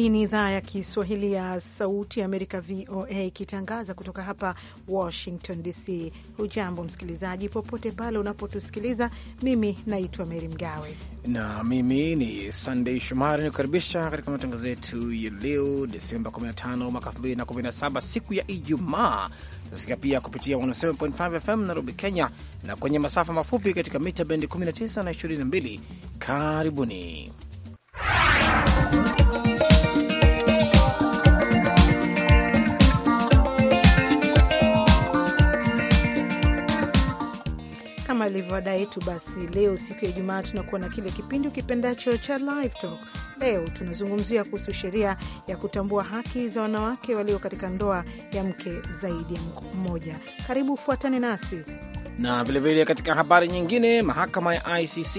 Hii ni idhaa ya Kiswahili ya Sauti ya Amerika, VOA, ikitangaza kutoka hapa Washington DC. Hujambo msikilizaji, popote pale unapotusikiliza. Mimi naitwa Meri Mgawe na mimi ni sandey Shomari, nikukaribisha katika matangazo yetu ya leo Desemba 15 mwaka 2017, siku ya Ijumaa. Tunasikia pia kupitia 107.5 FM Nairobi, Kenya, na kwenye masafa mafupi katika mita bendi 19 na 22. Karibuni kama ilivyo ada yetu, basi leo siku ya Ijumaa tunakuwa na kile kipindi ukipendacho cha Live Talk leo tunazungumzia kuhusu sheria ya kutambua haki za wanawake walio katika ndoa ya mke zaidi ya mmoja. Karibu, fuatane nasi na vilevile katika habari nyingine, mahakama ya ICC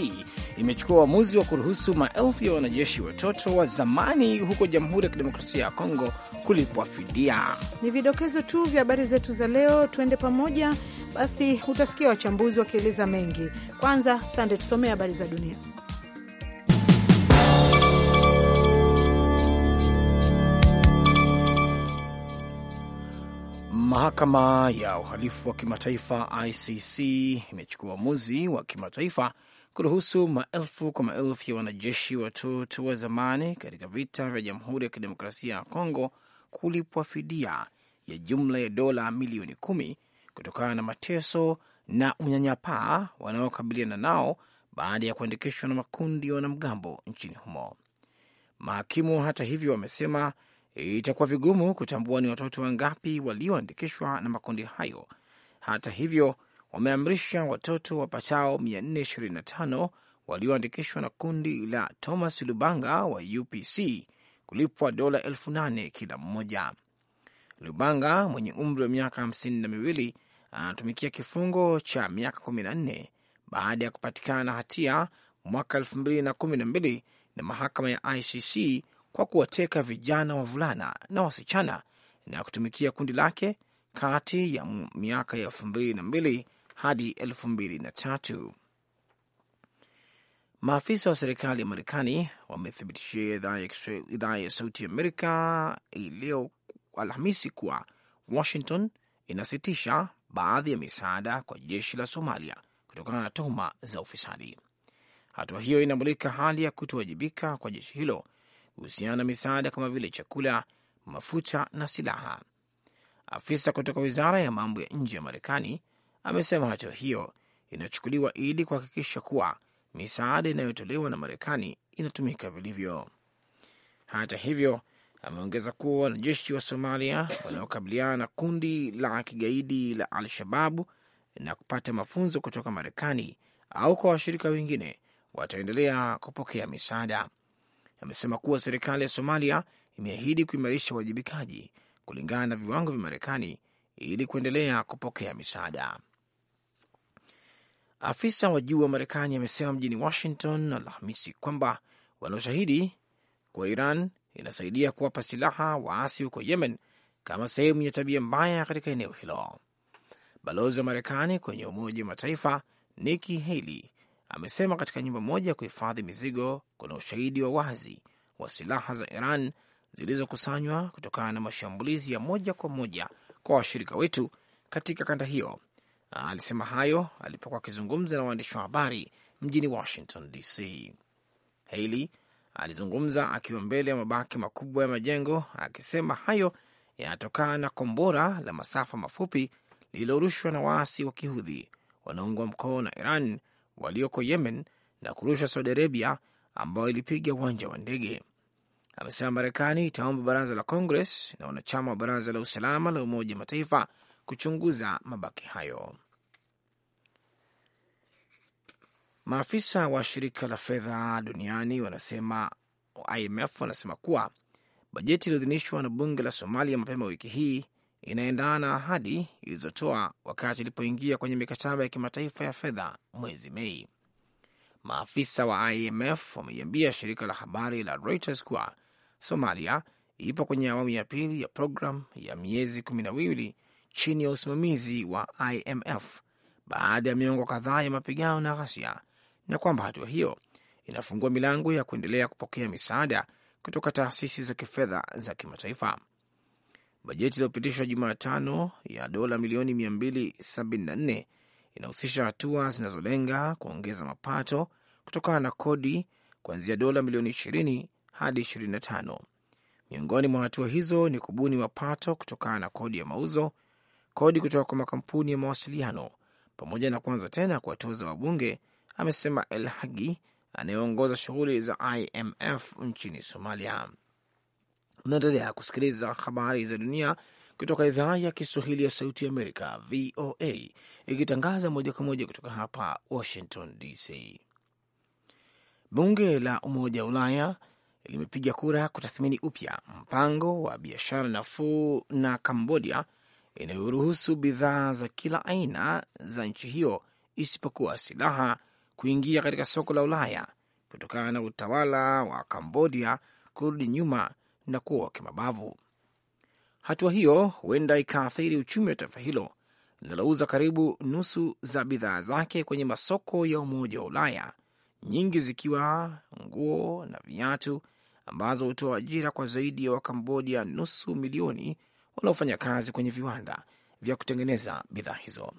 imechukua uamuzi wa kuruhusu maelfu ya wanajeshi watoto wa zamani huko Jamhuri ya Kidemokrasia ya Kongo kulipwa fidia. Ni vidokezo tu vya habari zetu za leo, tuende pamoja basi. Utasikia wachambuzi wakieleza mengi. Kwanza Sande, tusomee habari za dunia. Mahakama ya uhalifu wa kimataifa ICC imechukua uamuzi wa kimataifa kuruhusu maelfu kwa maelfu ya wanajeshi watoto wa zamani katika vita vya Jamhuri ya Kidemokrasia ya Kongo kulipwa fidia ya jumla ya dola milioni kumi kutokana na mateso na unyanyapaa wanaokabiliana nao baada ya kuandikishwa na makundi ya wanamgambo nchini humo. Mahakimu hata hivyo wamesema itakuwa vigumu kutambua ni watoto wangapi walioandikishwa na makundi hayo. Hata hivyo, wameamrisha watoto wapatao 425 walioandikishwa na kundi la Thomas Lubanga wa UPC kulipwa dola elfu nane kila mmoja. Lubanga mwenye umri wa miaka hamsini na miwili anatumikia kifungo cha miaka kumi na nne baada ya kupatikana na hatia mwaka elfu mbili na kumi na mbili na mahakama ya ICC kwa kuwateka vijana wavulana na wasichana na kutumikia kundi lake kati ya miaka ya elfu mbili na mbili hadi elfu mbili na tatu. Maafisa wa serikali ya Marekani wamethibitishia idhaa ya Sauti Amerika iliyo Alhamisi kuwa Washington inasitisha baadhi ya misaada kwa jeshi la Somalia kutokana na tuhuma za ufisadi. Hatua hiyo inamulika hali ya kutowajibika kwa jeshi hilo kuhusiana na misaada kama vile chakula, mafuta na silaha. Afisa kutoka wizara ya mambo ya nje ya Marekani amesema hatua hiyo inachukuliwa ili kuhakikisha kuwa misaada inayotolewa na Marekani inatumika vilivyo. Hata hivyo, ameongeza kuwa wanajeshi wa Somalia wanaokabiliana na kundi la kigaidi la Al-Shababu na kupata mafunzo kutoka Marekani au kwa washirika wengine wataendelea kupokea misaada amesema kuwa serikali ya Somalia imeahidi kuimarisha uwajibikaji kulingana na viwango vya Marekani ili kuendelea kupokea misaada. Afisa wa juu wa Marekani amesema mjini Washington Alhamisi kwamba wana ushahidi kuwa Iran inasaidia kuwapa silaha waasi huko Yemen kama sehemu ya tabia mbaya katika eneo hilo. Balozi wa Marekani kwenye Umoja wa Mataifa Nikki Haley amesema katika nyumba moja ya kuhifadhi mizigo kuna ushahidi wa wazi wa silaha za Iran zilizokusanywa kutokana na mashambulizi ya moja kwa moja kwa washirika wetu katika kanda hiyo. Alisema hayo alipokuwa akizungumza na waandishi wa habari mjini Washington DC. Haley alizungumza akiwa mbele ya mabaki makubwa ya majengo, akisema hayo yanatokana na kombora la masafa mafupi lililorushwa na waasi wa kihudhi wanaungwa mkono na Iran walioko Yemen na kurusha Saudi Arabia ambayo ilipiga uwanja wa ndege. Amesema Marekani itaomba baraza la Congress na wanachama wa baraza la usalama la Umoja Mataifa kuchunguza mabaki hayo. Maafisa wa shirika la fedha duniani wanasema IMF wanasema kuwa bajeti iliyoidhinishwa na bunge la Somalia mapema wiki hii inaendana na ahadi ilizotoa wakati ilipoingia kwenye mikataba ya kimataifa ya fedha mwezi Mei. Maafisa wa IMF wameiambia shirika la habari la Reuters kuwa Somalia ipo kwenye awamu ya pili ya programu ya miezi kumi na miwili chini ya usimamizi wa IMF baada ya miongo kadhaa ya mapigano na ghasia, na kwamba hatua hiyo inafungua milango ya kuendelea kupokea misaada kutoka taasisi za kifedha za kimataifa. Bajeti iliyopitishwa Jumatano ya dola milioni 274 inahusisha hatua zinazolenga kuongeza mapato kutokana na kodi kuanzia dola milioni 20 hadi 25. Miongoni mwa hatua hizo ni kubuni mapato kutokana na kodi ya mauzo, kodi kutoka kwa makampuni ya mawasiliano, pamoja na kuanza tena kuwatoza wabunge, amesema El Hagi anayeongoza shughuli za IMF nchini Somalia. Unaendelea kusikiliza habari za dunia kutoka idhaa ya Kiswahili ya Sauti Amerika, VOA, ikitangaza moja kwa moja kutoka hapa Washington DC. Bunge la Umoja wa Ulaya limepiga kura kutathmini upya mpango wa biashara nafuu na Kambodia inayoruhusu bidhaa za kila aina za nchi hiyo isipokuwa silaha kuingia katika soko la Ulaya kutokana na utawala wa Kambodia kurudi nyuma na kuwa wa kimabavu. Hatua hiyo huenda ikaathiri uchumi wa taifa hilo linalouza karibu nusu za bidhaa zake kwenye masoko ya Umoja wa Ulaya, nyingi zikiwa nguo na viatu, ambazo hutoa ajira kwa zaidi ya Wakambodia nusu milioni wanaofanya kazi kwenye viwanda vya kutengeneza bidhaa hizo.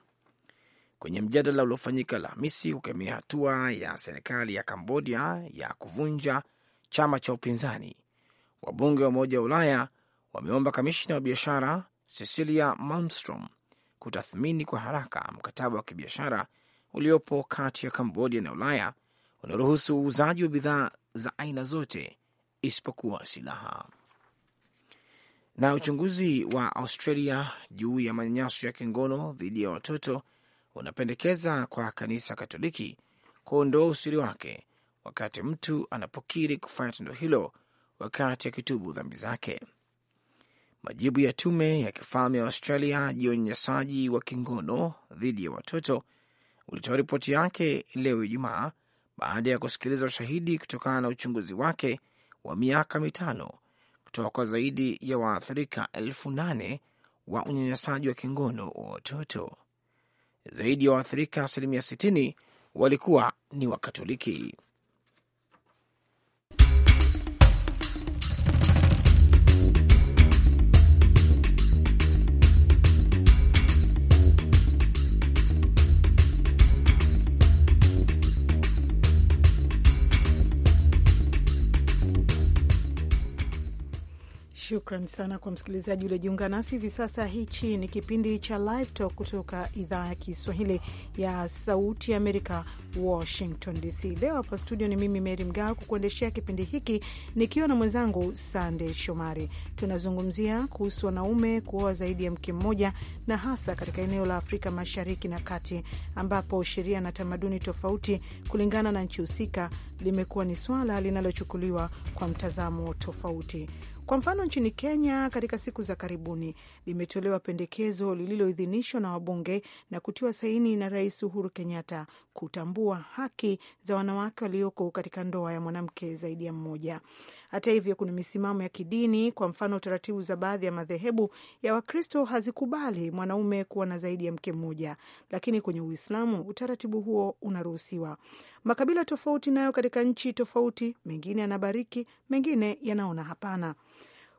Kwenye mjadala uliofanyika Alhamisi kukemea hatua ya serikali ya Kambodia ya kuvunja chama cha upinzani Wabunge wa Umoja wa Ulaya wameomba kamishna wa biashara Cecilia Malmstrom kutathmini kwa haraka mkataba wa kibiashara uliopo kati ya Kambodia na Ulaya unaoruhusu uuzaji wa bidhaa za aina zote isipokuwa silaha. Na uchunguzi wa Australia juu ya manyanyaso ya kingono dhidi ya watoto unapendekeza kwa kanisa Katoliki kuondoa usiri wake wakati mtu anapokiri kufanya tendo hilo wakati akitubu dhambi zake. Majibu ya tume ya kifalme ya Australia juu ya unyanyasaji wa kingono dhidi ya watoto ulitoa ripoti yake leo Ijumaa baada ya kusikiliza ushahidi kutokana na uchunguzi wake wa miaka mitano kutoka kwa zaidi ya waathirika elfu nane wa unyanyasaji wa kingono wa watoto. Zaidi ya waathirika asilimia 60 walikuwa ni Wakatoliki. Shukran sana kwa msikilizaji uliojiunga nasi hivi sasa. Hichi ni kipindi cha Live Talk kutoka idhaa ya Kiswahili ya Sauti ya Amerika, Washington DC. Leo hapa studio ni mimi Meri Mgawe kukuendeshea kipindi hiki nikiwa na mwenzangu Sande Shomari. Tunazungumzia kuhusu wanaume kuoa zaidi ya mke mmoja, na hasa katika eneo la Afrika Mashariki na Kati, ambapo sheria na tamaduni tofauti kulingana na nchi husika limekuwa ni swala linalochukuliwa kwa mtazamo tofauti. Kwa mfano, nchini Kenya katika siku za karibuni limetolewa pendekezo lililoidhinishwa na wabunge na kutiwa saini na Rais Uhuru Kenyatta kutambua haki za wanawake walioko katika ndoa ya mwanamke zaidi ya mmoja. Hata hivyo, kuna misimamo ya kidini, kwa mfano taratibu za baadhi ya madhehebu ya Wakristo hazikubali mwanaume kuwa na zaidi ya mke mmoja, lakini kwenye Uislamu utaratibu huo unaruhusiwa. Makabila tofauti nayo katika nchi tofauti, mengine yanabariki, mengine yanaona hapana.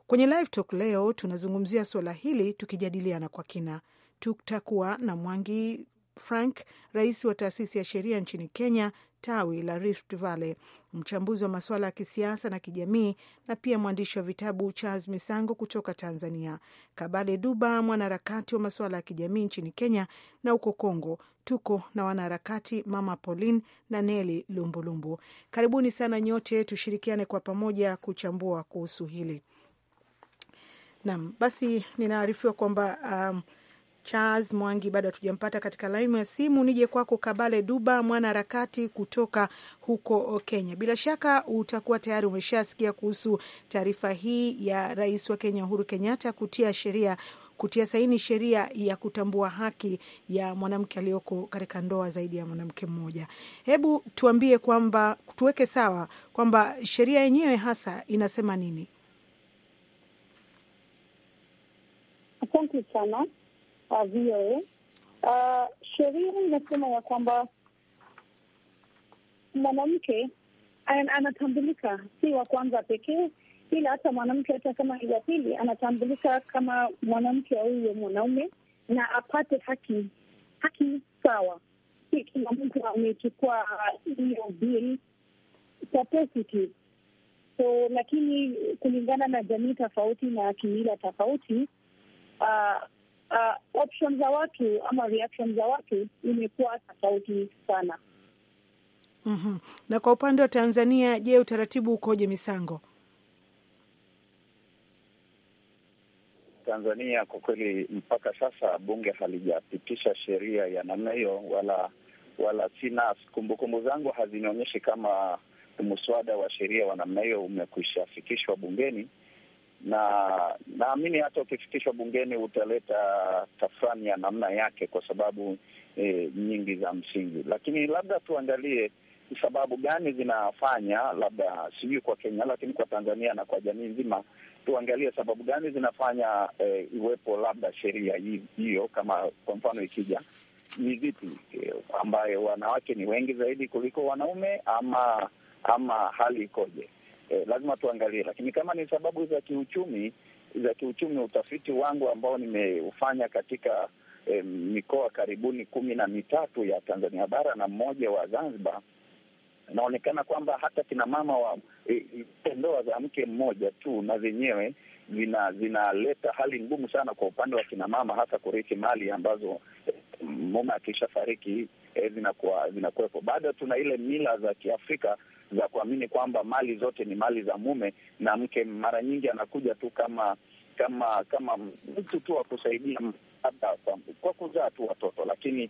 Kwenye Live Talk leo tunazungumzia suala hili tukijadiliana kwa kina. Tutakuwa na Mwangi Frank, rais wa taasisi ya sheria nchini Kenya, tawi la Rift Valley, mchambuzi wa masuala ya kisiasa na kijamii na pia mwandishi wa vitabu Charles Misango kutoka Tanzania, Kabale Duba, mwanaharakati wa masuala ya kijamii nchini Kenya, na huko Kongo tuko na wanaharakati Mama Pauline na Neli Lumbulumbu. Karibuni sana nyote, tushirikiane kwa pamoja kuchambua kuhusu hili. Naam, basi ninaarifiwa kwamba um, Charles Mwangi bado hatujampata katika laini ya simu. Nije kwako Kabale Duba, mwanaharakati kutoka huko Kenya. Bila shaka utakuwa tayari umeshasikia kuhusu taarifa hii ya rais wa Kenya Uhuru Kenyatta kutia sheria kutia saini sheria ya kutambua haki ya mwanamke aliyoko katika ndoa zaidi ya mwanamke mmoja. Hebu tuambie kwamba tuweke sawa kwamba sheria yenyewe hasa inasema nini? Asante sana wa VOA. Uh, ah, sheria inasema ya kwamba mwanamke anatambulika si wa kwanza pekee, ila hata mwanamke hata kama ni wa pili anatambulika kama mwanamke auye mwanaume na apate haki haki sawa. Si kila mtu amechukua hiyo bill so, lakini kulingana na jamii tofauti na kimila tofauti uh, uh, option za watu ama reaction za watu imekuwa tofauti sana. mm -hmm. Na kwa upande wa Tanzania, je, utaratibu ukoje misango? Tanzania kwa kweli, mpaka sasa bunge halijapitisha sheria ya namna hiyo, wala wala sina kumbukumbu zangu hazinionyeshi kama mswada wa sheria wa namna hiyo umekwishafikishwa bungeni na naamini hata ukifikishwa bungeni utaleta tafrani ya namna yake kwa sababu e, nyingi za msingi, lakini labda tuangalie sababu gani zinafanya labda, sijui kwa Kenya, lakini kwa Tanzania na kwa jamii nzima, tuangalie sababu gani zinafanya e, iwepo labda sheria hiyo, kama kwa mfano ikija ni vipi e, ambayo wanawake ni wengi zaidi kuliko wanaume, ama ama hali ikoje? eh, lazima tuangalie, lakini kama ni sababu za kiuchumi za kiuchumi, utafiti wangu ambao nimeufanya katika eh, mikoa karibuni kumi na mitatu ya Tanzania bara na mmoja wa Zanzibar inaonekana kwamba hata kina mama wa e, ndoa za mke mmoja tu na zenyewe zinaleta hali ngumu sana kwa upande wa kina mama, hasa kurithi mali ambazo e, mume akishafariki e, zinakuwepo. Bado tuna ile mila za Kiafrika za kuamini kwamba mali zote ni mali za mume, na mke mara nyingi anakuja tu kama kama kama mtu tu wa kusaidia labda kwa kuzaa tu watoto, lakini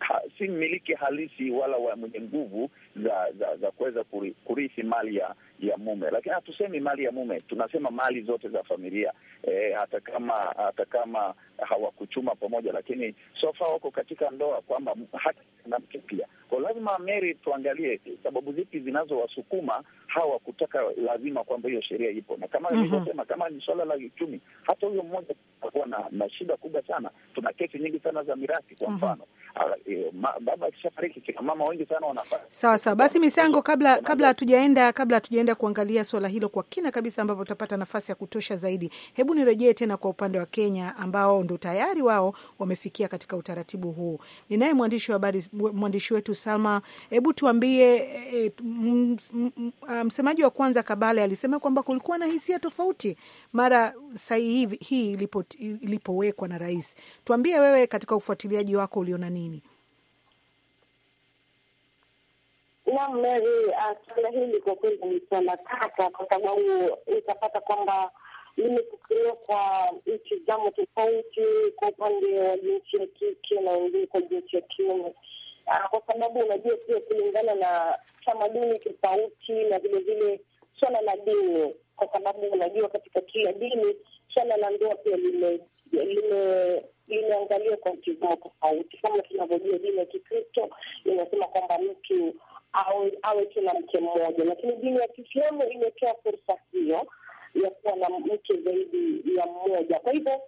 ha, si mmiliki halisi wala wa mwenye nguvu za za, za kuweza kurithi mali ya ya mume. Lakini hatusemi mali ya mume, tunasema mali zote za familia e, hata kama hata kama hawakuchuma pamoja, lakini sofa wako katika ndoa, kwamba hata na mke pia, kwa lazima Mary, tuangalie sababu zipi zinazowasukuma hawa kutaka lazima kwamba hiyo sheria ipo, na kama mhm. nilivyosema, kama ni swala la uchumi, hata huyo mmoja atakuwa na, na shida kubwa sana. Tuna kesi nyingi sana za mirathi kwa mhm. mfano ah, e, baba akishafariki kina mama wengi sana wanapata. Sawa sawa, basi Misango, kabla kabla hatujaenda kabla hatujaenda kuangalia swala hilo kwa kina kabisa, ambapo utapata nafasi ya kutosha zaidi, hebu nirejee tena kwa upande wa Kenya ambao ndo tayari wao wamefikia katika utaratibu huu. Ninaye mwandishi wa habari, mwandishi wetu Salma, hebu tuambie e, e msemaji wa kwanza Kabale alisema kwamba kulikuwa na hisia tofauti mara sahihi hii ilipowekwa na rais. Tuambie wewe katika ufuatiliaji wako uliona nini? Naam, Mary, ah, swala hili kwa kweli ni swala tata, kwa sababu utapata kwamba limepokelewa kwa mtizamo tofauti kwa upande wa jinsi ya kike na wengine kwa jinsi ya kiume. Ah, kwa sababu unajua pia kulingana na tamaduni tofauti na vilevile swala la dini, kwa sababu unajua katika kila dini swala la ndoa pia limeangalia kwa mtizamo tofauti. Kama tunavyojua dini ya Kikristo inasema kwamba mtu awe tu na mke mmoja, lakini dini ya Kiislamu imetoa fursa hiyo ya kuwa na mke zaidi ya mmoja. Kwa hivyo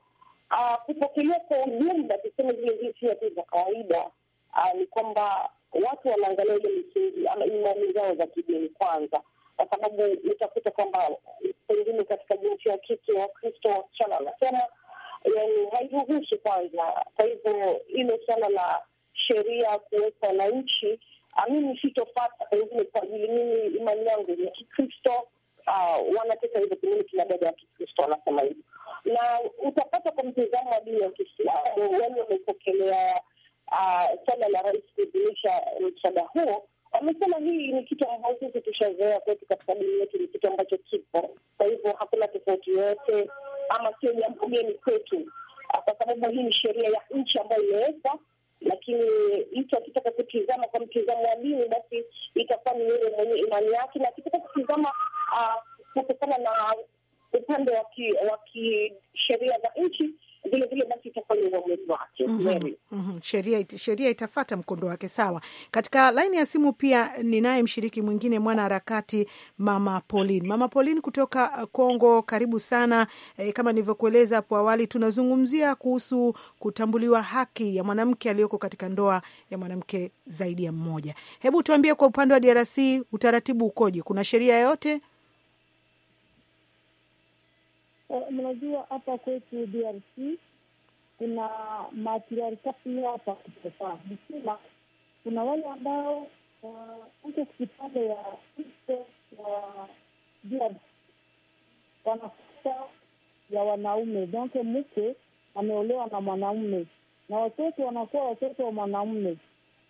ah, kupokelea kwa ujumla, tuseme zile hisia tu za kawaida uh, ni kwamba watu wanaangalia ile misingi ama imani zao za kidini kwanza, kwa sababu utakuta kwamba pengine katika jinsi ya kike Wakristo wasichana wanasema yani hairuhusu kwanza. Kwa hivyo ilo suala la sheria kuwekwa na nchi, ah, mimi sitofata pengine kwa ajili mimi imani yangu ya Kikristo. Uh, ah, wanateka hivyo pengine kina dada ya Kikristo wanasema hivyo, na utapata kwa mtizamo wa dini ya Kiislamu wale wamepokelea Ah, suala la rais kuidhinisha mswada huo, wamesema hii ni kitu ambacho tushazoea kwetu katika dini yetu, ni kitu ambacho kipo. Kwa hivyo hakuna tofauti yoyote ama sio jambo geni kwetu, ah, kwa sababu hii ni sheria ya nchi ambayo imewekwa lakini mtu akitaka kutizama kwa mtizamo wa dini basi itakuwa ni yule mwenye imani yake, na akitaka kutizama ah, kutokana na upande wa kisheria za nchi basi itafanya wake. Mhm, mhm. Sheria, sheria itafata mkondo wake. Sawa, katika laini ya simu pia ninaye mshiriki mwingine mwana harakati Mama Pauline. Mama Pauline kutoka uh, Kongo, karibu sana. E, kama nilivyokueleza hapo awali, tunazungumzia kuhusu kutambuliwa haki ya mwanamke aliyoko katika ndoa ya mwanamke zaidi ya mmoja. Hebu tuambie, kwa upande wa DRC utaratibu ukoje? Kuna sheria yoyote mnajua hapa kwetu DRC kuna matriarkati hapa kutoka msima. Kuna wale ambao uh, uko kipande ya wa DRC wanafuta ya wanaume, donc mke ameolewa na mwanaume na watoto wanakuwa watoto wa mwanaume,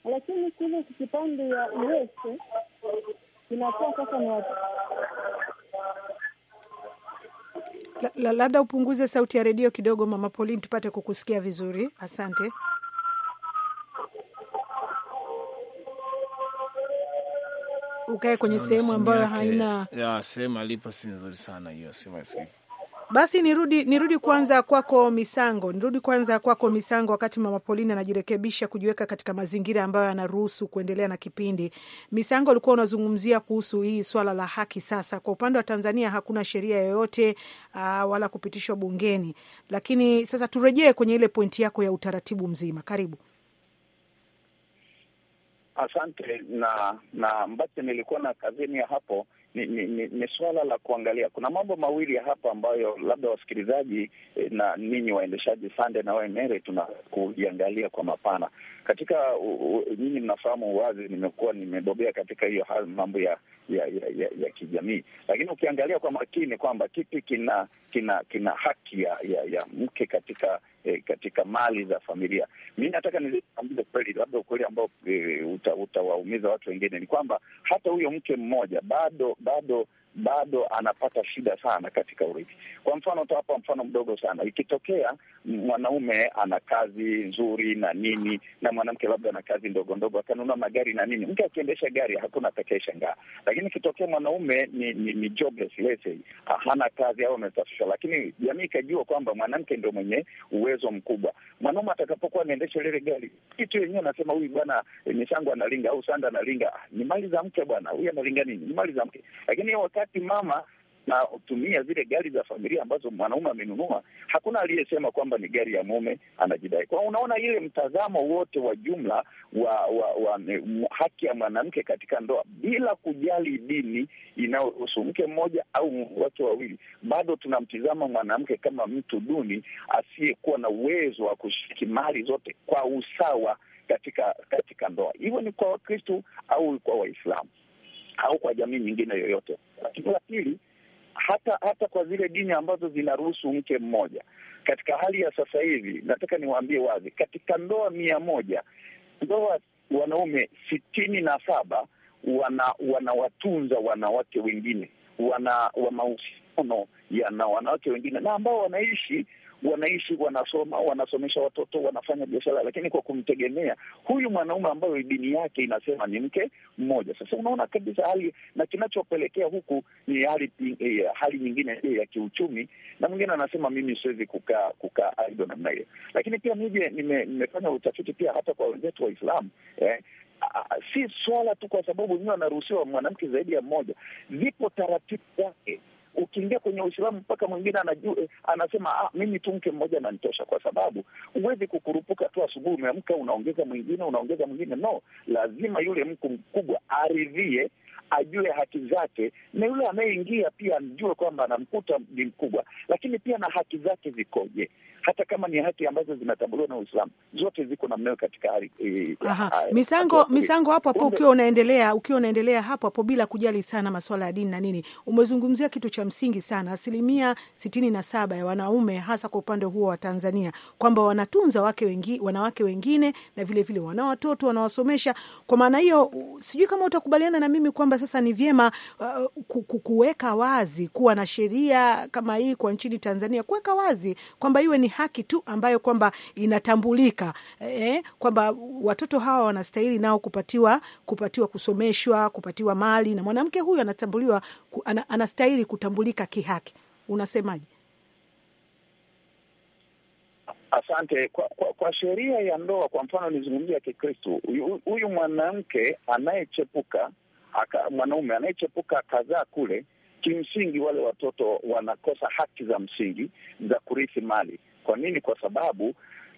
lakini kule kipande ya Uwese inakuwa sasa ni watoto la, labda upunguze sauti ya redio kidogo, Mama Pauline, tupate kukusikia vizuri. Asante. Ukae kwenye sehemu ambayo haina ya sehemu alipo si nzuri sana hiyo, si masikiki basi nirudi nirudi kwanza kwako Misango, nirudi kwanza kwako Misango. Wakati mama Paulina anajirekebisha kujiweka katika mazingira ambayo yanaruhusu kuendelea na kipindi, Misango alikuwa unazungumzia kuhusu hii swala la haki. Sasa kwa upande wa Tanzania hakuna sheria yoyote uh, wala kupitishwa bungeni, lakini sasa turejee kwenye ile pointi yako ya utaratibu mzima. Karibu. Asante na na ambacho nilikuwa na kazini ya hapo ni, ni, ni, ni suala la kuangalia. Kuna mambo mawili hapa ambayo labda wasikilizaji eh, na ninyi waendeshaji Sande na wewe Mary tuna kuiangalia kwa mapana katika nyinyi mnafahamu wazi, nimekuwa nimebobea katika hiyo mambo ya ya, ya, ya, ya kijamii, lakini ukiangalia kwa makini kwamba kipi kina kina kina haki ya, ya, ya mke katika e, katika mali za familia. Mi nataka nizungumze kweli, labda ukweli ambao e, utawaumiza uta watu wengine ni kwamba hata huyo mke mmoja bado bado bado anapata shida sana katika urithi. Kwa mfano, utawapa mfano mdogo sana. Ikitokea mwanaume ana kazi nzuri na nini na mwanamke labda ana kazi ndogo ndogo, akanunua magari na nini, mke akiendesha gari hakuna atakayeshangaa. Lakini ikitokea mwanaume ni, ni, ni jobless lesei, hana kazi au amesafishwa, lakini jamii ikajua kwamba mwanamke ndio mwenye uwezo mkubwa, mwanaume atakapokuwa anaendesha lile gari, kitu yenyewe anasema huyu bwana ni eh, shangu analinga au sanda analinga, ah, ni mali za mke bwana, huyu analinga nini, ni mali za mke. Lakini wakati wakati mama na utumia zile gari za familia ambazo mwanaume amenunua, hakuna aliyesema kwamba ni gari ya mume anajidai. Kwa unaona ile mtazamo wote wa jumla wa, wa, wa haki ya mwanamke katika ndoa bila kujali dini inayohusu mke mmoja au watu wawili, bado tunamtizama mwanamke kama mtu duni asiyekuwa na uwezo wa kushiriki mali zote kwa usawa katika katika ndoa. Hivyo ni kwa wakristu au kwa Waislamu au kwa jamii nyingine yoyote. Lakini la pili, hata hata kwa zile dini ambazo zinaruhusu mke mmoja, katika hali ya sasa hivi, nataka niwaambie wazi, katika ndoa mia moja ndoa wanaume sitini na saba wana wanawatunza wanawake wengine, wana wa mahusiano yana wanawake wengine na ambao wanaishi wanaishi, wanasoma, wanasomesha watoto, wanafanya biashara, lakini kwa kumtegemea huyu mwanaume ambayo dini yake inasema ni mke mmoja. Sasa unaona kabisa hali na kinachopelekea huku ni hali, eh, hali nyingine eh, ya kiuchumi, na mwingine anasema mimi siwezi kukaa kukaa aido namna hiyo. Lakini pia nije nime, nimefanya utafiti pia hata kwa wenzetu Waislamu eh, si swala tu kwa sababu wenyewe anaruhusiwa mwanamke zaidi ya mmoja, zipo taratibu zake ukiingia kwenye Uislamu mpaka mwingine anajua anasema ah, mimi tu mke mmoja nanitosha, kwa sababu huwezi kukurupuka tu asubuhi umeamka unaongeza mwingine unaongeza mwingine. No, lazima yule mku mkubwa aridhie, ajue haki zake, na yule anayeingia pia anjue kwamba anamkuta ni mkubwa, lakini pia na haki zake zikoje hata kama ni hati ambazo zinatambuliwa na Uislamu, zote ziko na hiyo katika hali e, misango misango hapo hapo, ukiwa unaendelea ukiwa unaendelea hapo hapo bila kujali sana masuala ya dini na nini, umezungumzia kitu cha msingi sana. Asilimia sitini na saba ya wanaume hasa kwa upande huo wa Tanzania kwamba wanatunza wake wengi, wanawake wengine na vile vile wana watoto wanawasomesha. Kwa maana hiyo, sijui kama utakubaliana na mimi kwamba sasa ni vyema uh, kuweka wazi kuwa na sheria kama hii kwa nchini Tanzania, kuweka wazi kwamba iwe ni haki tu ambayo kwamba inatambulika eh, kwamba watoto hawa wanastahili nao kupatiwa kupatiwa kusomeshwa, kupatiwa mali, na mwanamke huyu anatambuliwa, anastahili kutambulika kihaki. Unasemaje? Asante. Kwa, kwa, kwa sheria ya ndoa kwa mfano nizungumzia Kikristo, huyu mwanamke anayechepuka mwanaume anayechepuka akazaa kule, kimsingi wale watoto wanakosa haki za msingi za kurithi mali. Kwa nini? Kwa sababu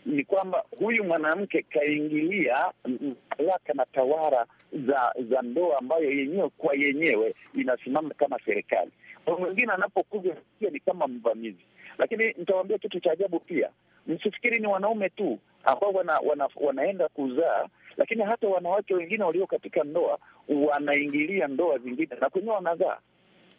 ni kwamba huyu mwanamke kaingilia mamlaka na tawara za za ndoa ambayo yenyewe kwa yenyewe inasimama kama serikali. Kwa mwingine anapokuja ni kama mvamizi, lakini nitawaambia kitu cha ajabu pia. Msifikiri ni wanaume tu ambao wana, wana, wanaenda kuzaa, lakini hata wanawake wengine walio katika ndoa wanaingilia ndoa zingine na kwenyewe wanazaa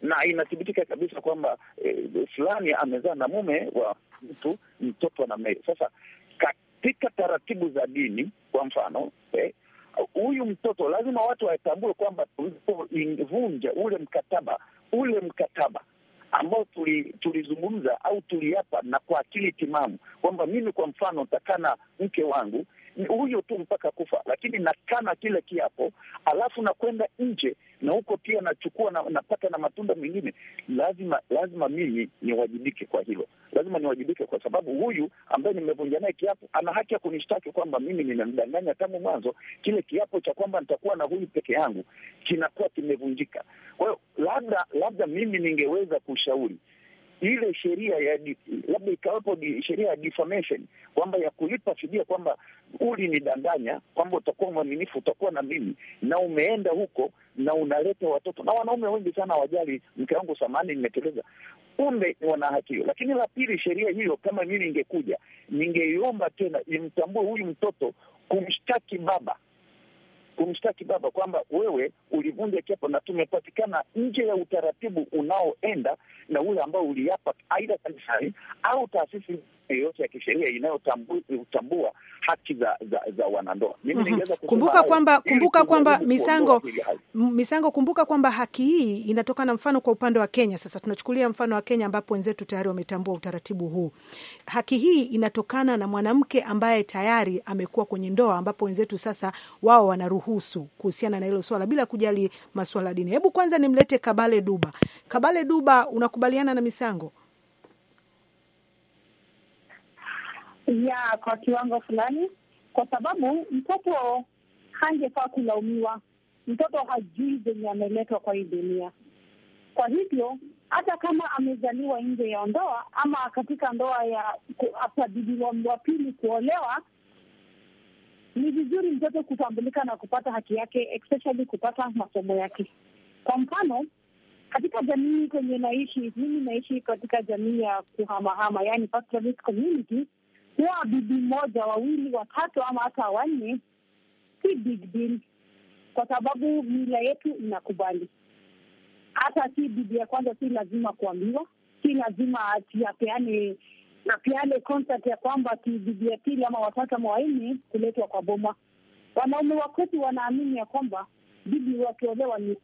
na inathibitika kabisa kwamba e, fulani amezaa na mume wa mtu mtoto na namna hiyo. Sasa katika taratibu za dini, kwa mfano eh, huyu mtoto lazima watu watambue kwamba tulipovunja ule mkataba ule mkataba ambao tulizungumza tuli au tuliapa na kwa akili timamu kwamba mimi kwa mfano ntakana mke wangu huyo tu mpaka kufa, lakini nakana kile kiapo, alafu nakwenda nje na huko pia nachukua na, napata na matunda mengine. Lazima lazima mimi niwajibike kwa hilo, lazima niwajibike kwa sababu huyu ambaye nimevunja naye kiapo ana haki ya kunishtaki kwamba mimi nimemdanganya tangu mwanzo. Kile kiapo cha kwamba nitakuwa na huyu peke yangu kinakuwa kimevunjika. Kwa hiyo labda labda mimi ningeweza kushauri ile sheria ya labda ikawepo sheria ya defamation kwamba ya kulipa fidia kwamba ulinidanganya, kwamba utakuwa mwaminifu, utakuwa na mimi, na umeenda huko na unaleta watoto na wanaume wengi sana wajali, mke wangu, samani nimeteleza. Kumbe wana haki hiyo. Lakini la pili, sheria hiyo kama mimi ingekuja, ningeiomba tena imtambue huyu mtoto, kumshtaki baba kumshtaki baba kwamba wewe ulivunja kiapo na tumepatikana nje ya utaratibu unaoenda na ule ambao uliapa aidha kanisani au taasisi yoyote ya kisheria inayotambua haki za za, za wanandoa. Mimi -hmm. kumbuka kwamba kumbuka kwamba misango misango, kumbuka kwamba haki hii inatokana, mfano kwa upande wa Kenya. Sasa tunachukulia mfano wa Kenya ambapo wenzetu tayari wametambua utaratibu huu. Haki hii inatokana na mwanamke ambaye tayari amekuwa kwenye ndoa, ambapo wenzetu sasa wao wanaruhusu kuhusiana na hilo swala bila kujali maswala dini. Hebu kwanza nimlete Kabale Duba. Kabale Duba, unakubaliana na misango? ya kwa kiwango fulani, kwa sababu mtoto hangefaa kulaumiwa. Mtoto hajui zenye ameletwa kwa hii dunia. Kwa hivyo hata kama amezaliwa nje ya ndoa ama katika ndoa ya akabidi wa pili kuolewa, ni vizuri mtoto kutambulika na kupata haki yake, especially kupata masomo yake. Kwa mfano, katika jamii kwenye naishi mimi, naishi katika jamii ya kuhamahama, yani community kuoa bibi moja, wawili, watatu ama hata wanne si big deal, kwa sababu mila yetu inakubali. Hata si bibi ya kwanza, si lazima kuambiwa, si lazima ati apeane apeane ya kwamba ti bibi ya pili ama watatu ama wanne kuletwa kwa boma. Wanaume wakwetu wanaamini ya kwamba bibi wakiolewa ni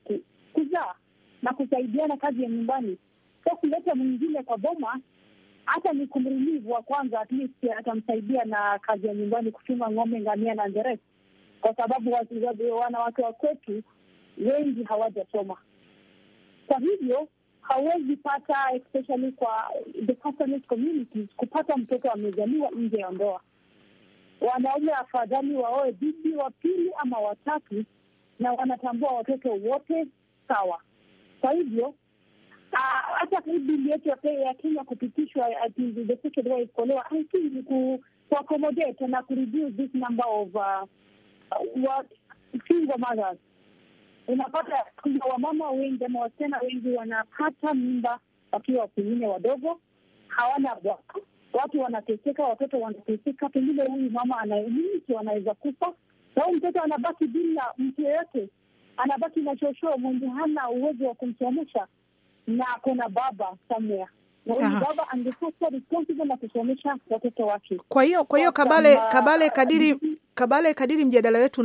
kuzaa na kusaidiana kazi ya nyumbani, so kuleta mwingine kwa boma hata ni kumrilivu wa kwanza, at least atamsaidia na kazi ya nyumbani, kuchunga ng'ombe, ngamia na ndereka, kwa sababu wanawake wa kwetu wengi hawajasoma. Kwa hivyo hawezi pata especially kwa the pastoralist kupata mtoto amezaliwa nje ya ndoa. Wanaume afadhali waoe bibi wa pili ama watatu, na wanatambua watoto wote sawa. Kwa hivyo Ah, hata bili yetu ya Kenya kupitishwa ikolewa ni kuaccommodate na kureduce this number of uh, single mothers. Unapata kuna wamama wengi ama wasichana wengi wanapata mimba wakiwa pengine wadogo, hawana bwana, watu wanateseka, watoto wanateseka, pengine huyu mama mtu anaweza kufa na huyu mtoto anabaki bila mtu yeyote, anabaki na chochoo mwenye hana uwezo wa kumsomesha na kuna baba Samia baba angekuwa responsible na kusomesha watoto wake. Kwa hiyo kwa hiyo Kabale, Kabale uh, kadiri mm-hmm. Kabale, kadiri mjadala wetu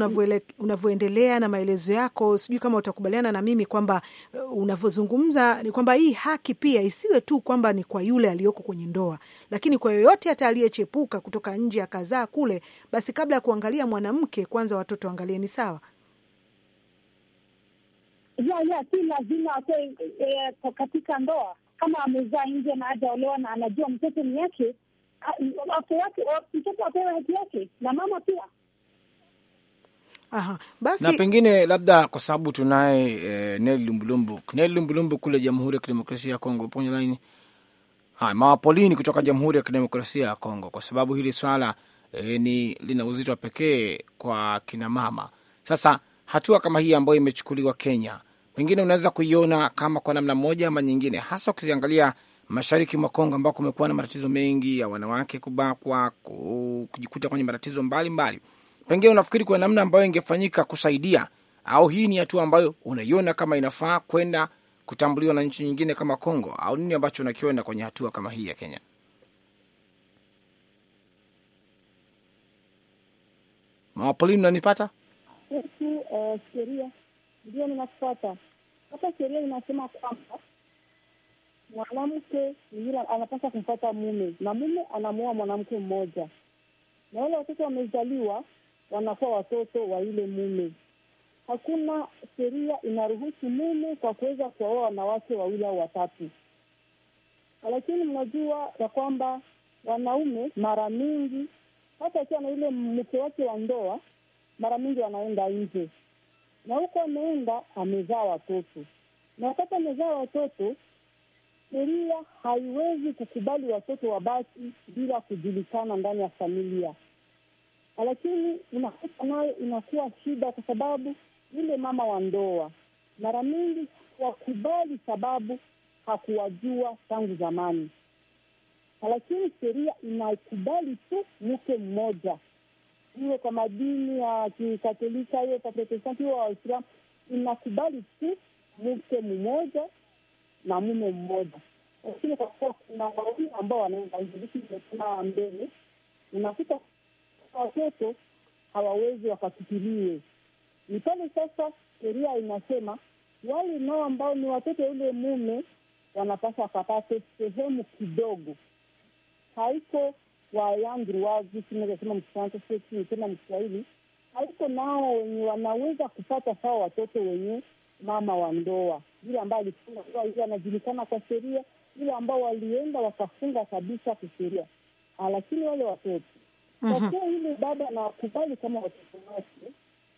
unavyoendelea na maelezo yako, sijui kama utakubaliana na mimi kwamba uh, unavyozungumza ni kwamba hii haki pia isiwe tu kwamba ni kwa yule aliyoko kwenye ndoa, lakini kwa yoyote hata aliyechepuka kutoka nje akazaa kule, basi kabla ya kuangalia mwanamke, kwanza watoto angalieni, sawa ya ya, si lazima atoe eh, katika ndoa. Kama amezaa nje na hajaolewa na anajua mtoto ni yake, mtoto apewe haki yake na mama pia. Aha, basi na pengine labda kwa sababu tunaye eh, Neli Lumbulumbu Neli Lumbulumbuk kule Jamhuri ya Kidemokrasia ya Kongo. Ponye laini haya, Mama Pauline kutoka Jamhuri ya Kidemokrasia ya Kongo, kwa sababu hili swala eh, ni lina uzito wa pekee kwa kina mama. Sasa hatua kama hii ambayo imechukuliwa Kenya pengine unaweza kuiona kama kwa namna moja ama nyingine, hasa ukiziangalia mashariki mwa Kongo ambao kumekuwa na matatizo mengi ya wanawake kubakwa, kujikuta kwenye matatizo mbalimbali, pengine unafikiri kwa namna ambayo ingefanyika kusaidia, au hii ni hatua ambayo unaiona kama inafaa kwenda kutambuliwa na nchi nyingine kama Kongo, au nini ambacho unakiona kwenye hatua kama hii ya Kenya? Mawapolini, unanipata? Ndio ninafuata hata sheria inasema kwamba mwanamke yule anapaswa kumfuata mume na mume anamuoa mwanamke mmoja, na wale watoto wamezaliwa wanakuwa watoto wa yule mume. Hakuna sheria inaruhusu mume kwa kuweza kuwaoa wanawake wawili au watatu, lakini mnajua ya kwamba wanaume mara mingi hata akiwa na yule mke wake wa ndoa, mara mingi wanaenda nje na huko ameenda amezaa watoto, na wakati amezaa watoto, sheria haiwezi kukubali watoto wabaki bila kujulikana ndani ya familia, lakini unakuta nayo inakuwa shida, kwa sababu yule mama wa ndoa mara mingi wakubali, sababu hakuwajua tangu zamani, lakini sheria inakubali tu mke mmoja iwe kwa madini ya Kikatolika, iwe kwa Protestanti, iwe Waislamu, inakubali tu mke mmoja na mume mmoja. Lakini kwa kuwa kuna wawili ambao wanaenda hivi mbele, unakuta watoto hawawezi wakafikiriwe. Ni pale sasa sheria inasema wale nao ambao ni watoto yule mume wanapaswa wakapate sehemu kidogo, haiko Wayangri wazi, tunaweza sema Mkifaransa sio tena Mswahili, haiko nao wenye wanaweza kupata sawa watoto wenye mama wa ndoa yule ambaye alifunga ndoa, yule anajulikana kwa sheria, yule ambao walienda wakafunga kabisa kisheria ah, lakini wale watoto mhm. kwa -hmm. ile baba anawakubali kama watoto wake,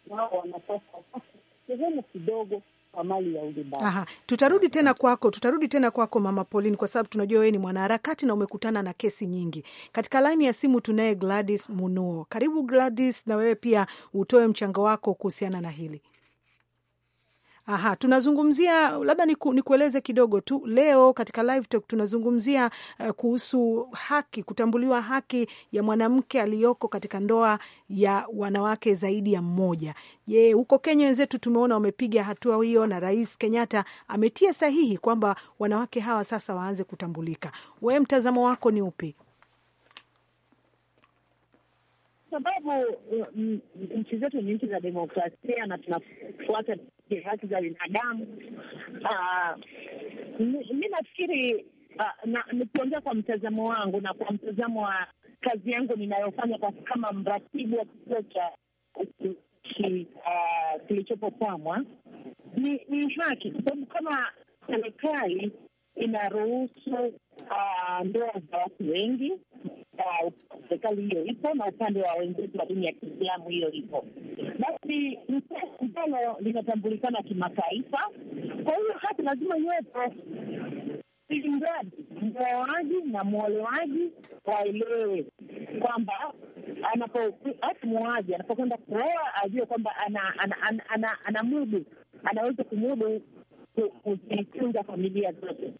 nao wanapasa sehemu kidogo kwa mali ya Aha, tutarudi tena kwako, tutarudi tena kwako Mama Pauline, kwa sababu tunajua wewe ni mwanaharakati na umekutana na kesi nyingi. Katika laini ya simu tunaye Gladys Munuo. Karibu Gladys, na wewe pia utoe mchango wako kuhusiana na hili. Aha, tunazungumzia labda ku, nikueleze kidogo tu. Leo katika live talk tunazungumzia uh, kuhusu haki, kutambuliwa haki ya mwanamke aliyoko katika ndoa ya wanawake zaidi ya mmoja. Je, huko Kenya wenzetu tumeona wamepiga hatua hiyo, na Rais Kenyatta ametia sahihi kwamba wanawake hawa sasa waanze kutambulika. Wewe mtazamo wako ni upi? sababu uh, nchi zetu ni nchi za demokrasia na tunafuata haki za binadamu. Ah, mi nafikiri ah, nikiongea kwa mtazamo wangu na kwa mtazamo wa kazi yangu ninayofanya kama mratibu wa kituo cha ah, kilichopo Pwamwa, ni ni haki, kwa sababu kama serikali inaruhusu ndoa za watu wengi serikali hiyo ipo na upande wa wenzetu wa dini ya Kiislamu hiyo ipo. Basi ambalo linatambulikana kimataifa, kwa hiyo hata lazima iwepo ili mradi mwoaji na mwolewaji waelewe kwamba hata mwoaji anapokwenda kuoa ajue kwamba ana ana, ana, ana, ana mudu anaweza kumudu kuzitunza familia zote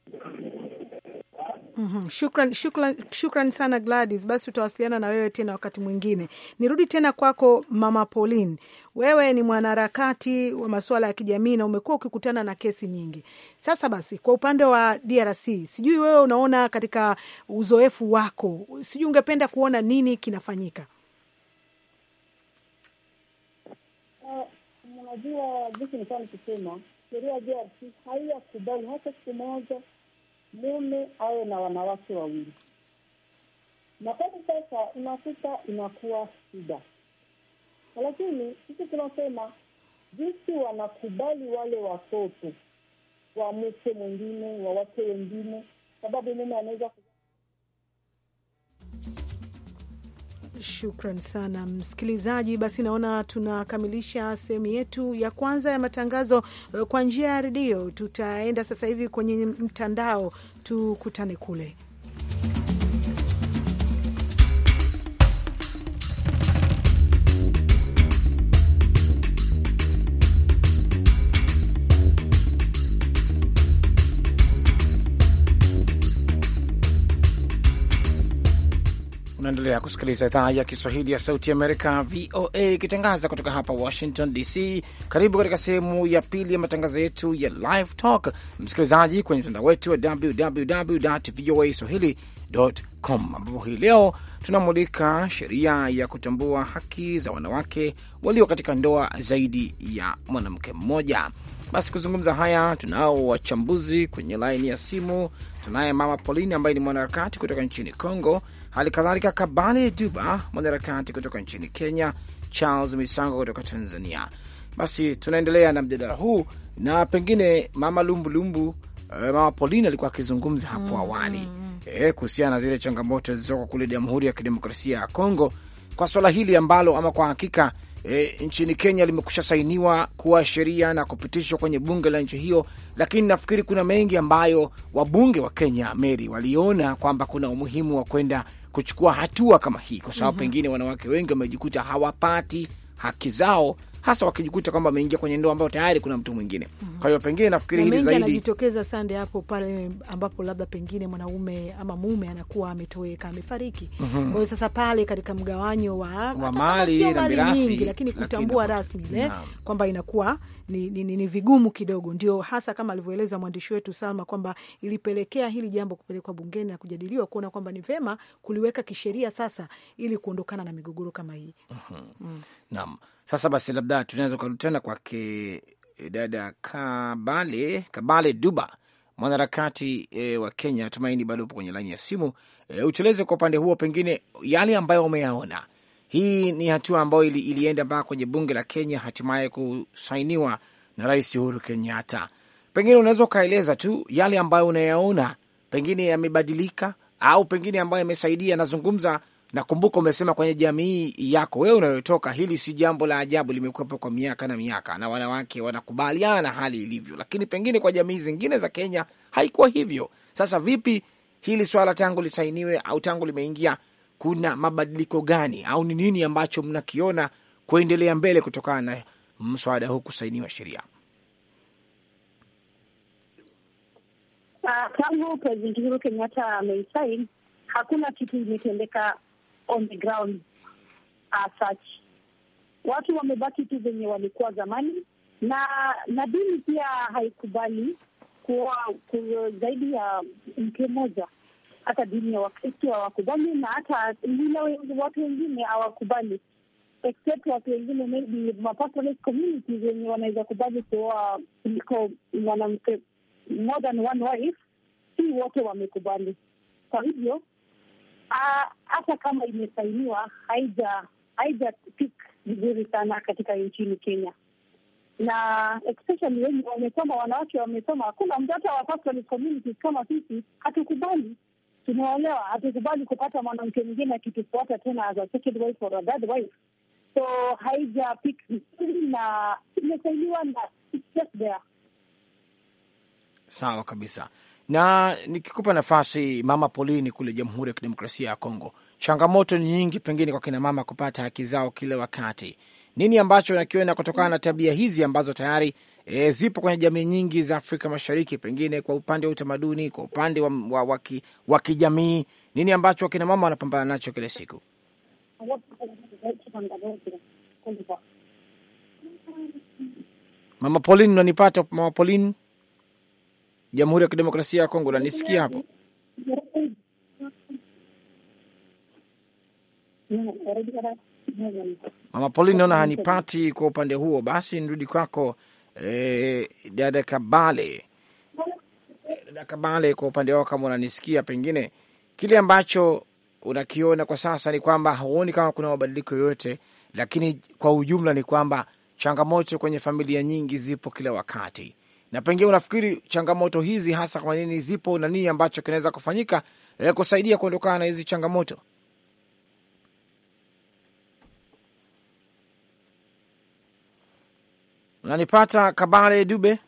mm -hmm. Shukran, shukran, shukran sana Gladys. Basi tutawasiliana na wewe tena wakati mwingine. Nirudi tena kwako Mama Pauline, wewe ni mwanaharakati wa masuala ya kijamii na umekuwa ukikutana na kesi nyingi. Sasa basi, kwa upande wa DRC, sijui wewe unaona katika uzoefu wako, sijui ungependa kuona nini kinafanyika? Uh, unajua jinsi nilikuwa nikisema sheria ya DRC haiyakubali hata siku moja mume awe na wanawake wawili, na kwa sasa unakuta inakuwa shida, lakini sisi tunasema jinsi wanakubali wale watoto wa mke mwingine wa wake wengine, sababu mume anaweza Shukran sana msikilizaji. Basi naona tunakamilisha sehemu yetu ya kwanza ya matangazo eh, kwa njia ya redio. Tutaenda sasa hivi kwenye mtandao, tukutane kule. Unaendelea kusikiliza idhaa ya Kiswahili ya Sauti Amerika, VOA, ikitangaza kutoka hapa Washington DC. Karibu katika sehemu ya pili ya matangazo yetu ya Live Talk, msikilizaji, kwenye mtandao wetu wa www voa swahili.com, ambapo hii leo tunamulika sheria ya kutambua haki za wanawake walio katika ndoa zaidi ya mwanamke mmoja. Basi kuzungumza haya, tunao wachambuzi kwenye laini ya simu. Tunaye Mama Pauline ambaye ni mwanaharakati kutoka nchini Congo hali kadhalika Kabale Duba, mwanaharakati kutoka nchini Kenya, Charles Misango kutoka Tanzania. Basi tunaendelea na mjadala huu, na pengine mama Lumbulumbu, lumbu, eh, mama Pauline alikuwa akizungumza hapo mm-hmm. awali e, kuhusiana na zile changamoto zilizoko kule Jamhuri ya Kidemokrasia ya Kongo kwa swala hili ambalo ama kwa hakika e, nchini Kenya limekusha sainiwa kuwa sheria na kupitishwa kwenye bunge la nchi hiyo, lakini nafikiri kuna mengi ambayo wabunge wa Kenya Meri waliona kwamba kuna umuhimu wa kwenda kuchukua hatua kama hii, kwa sababu mm -hmm. pengine wanawake wengi wamejikuta hawapati haki zao hasa wakijikuta kwamba ameingia kwenye ndoa ambayo tayari kuna mtu mwingine. Mhm. Kwa hiyo pengine nafikiri hili zaidi anajitokeza sande hapo pale ambapo labda pengine mwanaume ama mume anakuwa ametoweka, amefariki. Mhm. Kwa hiyo sasa pale katika mgawanyo wa, wa mali na mirathi nyingi, lakini kutambua rasmi ile eh, kwamba inakuwa ni, ni, ni, ni vigumu kidogo, ndio hasa kama alivyoeleza mwandishi wetu Salma kwamba ilipelekea hili jambo kupelekwa bungeni na kujadiliwa kuona kwamba ni vema kuliweka kisheria sasa ili kuondokana na migogoro kama hii. mm -hmm. mm. Naam. Sasa basi, labda tunaweza kurudi tena kwake dada Kabale, Kabale Duba, mwanaharakati e, wa Kenya. Tumaini bado upo kwenye laini ya simu e, eh, utueleze kwa upande huo, pengine yale ambayo umeyaona. Hii ni hatua ambayo ili, ilienda mpaka kwenye bunge la Kenya, hatimaye kusainiwa na Rais Uhuru Kenyatta. Pengine unaweza ukaeleza tu yale ambayo unayaona, pengine yamebadilika au pengine ambayo yamesaidia. Nazungumza Nakumbuka umesema kwenye jamii yako wewe unayotoka, hili si jambo la ajabu, limekuwepo kwa miaka na miaka, na wanawake wanakubaliana na hali ilivyo, lakini pengine kwa jamii zingine za Kenya haikuwa hivyo. Sasa vipi hili swala tangu lisainiwe au tangu limeingia, kuna mabadiliko gani au ni nini ambacho mnakiona kuendelea mbele kutokana na mswada huu kusainiwa sheria? Ah, tangu President Uhuru Kenyatta ameisaini hakuna kitu imetendeka on the ground as such. Watu wamebaki tu venye walikuwa zamani, na na dini pia haikubali kuwa zaidi ya mke mmoja. Hata dini ya Wakristo hawakubali, na hata vile watu wengine hawakubali except watu wengine maybe mapastoral communities wenye wanaweza kubali kuoa kuliko mwanamke more than one wife, si wote wamekubali. Kwa hivyo Ah, hata kama imesainiwa haija tik vizuri sana katika nchini Kenya, na especially wenye wamesoma, wanawake wamesoma. Hakuna mtu wa pastoral kama sisi, hatukubali Tumeolewa, hatukubali kupata mwanamke mwingine akitufuata tena as a second wife or a third wife. So haijapik vizuri na imesainiwa na it's just there. Sawa kabisa. Na nikikupa nafasi, Mama Polini kule Jamhuri ya Kidemokrasia ya Kongo, changamoto ni nyingi pengine kwa kinamama kupata haki zao kila wakati. Nini ambacho nakiona kutokana na tabia hizi ambazo tayari e, zipo kwenye jamii nyingi za Afrika Mashariki, pengine kwa upande wa utamaduni, kwa upande wa, wa, wa, wa kijamii? Nini ambacho wakinamama wanapambana nacho kila siku? Mama Pauline, unanipata? Mama Pauline Jamhuri ya Kidemokrasia ya Kongo. Nanisikia hapo Mama Pauline, naona hanipati kwa upande huo. Basi nirudi kwako e, dada Kabale. Dada Kabale, kwa upande wao, kama unanisikia, pengine kile ambacho unakiona kwa sasa ni kwamba hauoni kama kuna mabadiliko yoyote, lakini kwa ujumla ni kwamba changamoto kwenye familia nyingi zipo kila wakati na pengine unafikiri changamoto hizi hasa kwa nini zipo na nini ambacho kinaweza kufanyika e, kusaidia kuondokana na hizi changamoto? nanipata Kabale Dube?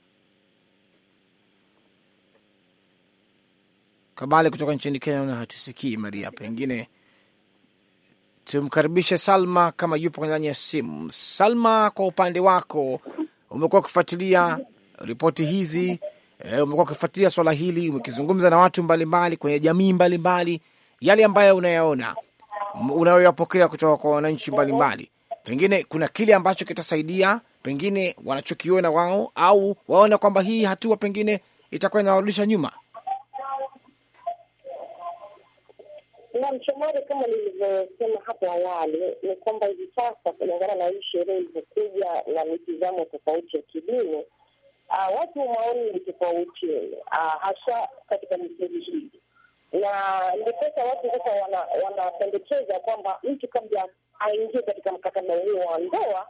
Kabale kutoka nchini Kenya na hatusikii Maria, pengine tumkaribishe Salma kama yupo ndani ya simu. Salma, kwa upande wako umekuwa ukifuatilia ripoti hizi e, umekuwa ukifuatilia swala hili, umekizungumza na watu mbalimbali kwenye jamii mbalimbali, yale ambayo unayaona unayoyapokea kutoka kwa wananchi mbalimbali, pengine kuna kile ambacho kitasaidia, pengine wanachokiona wao, au waona kwamba hii hatua pengine itakuwa inawarudisha nyuma. Naam, Shomari, kama nilivyosema hapo awali ni kwamba hivi sasa kulingana na hii sherehe ilivyokuja na mitizamo tofauti ya kidini uh, watu wa maoni ni tofauti uh, ah, hasa katika misingi hii, na ndiposa watu sasa wanapendekeza wana kwamba mtu kabla aingie katika mkataba huo wa ndoa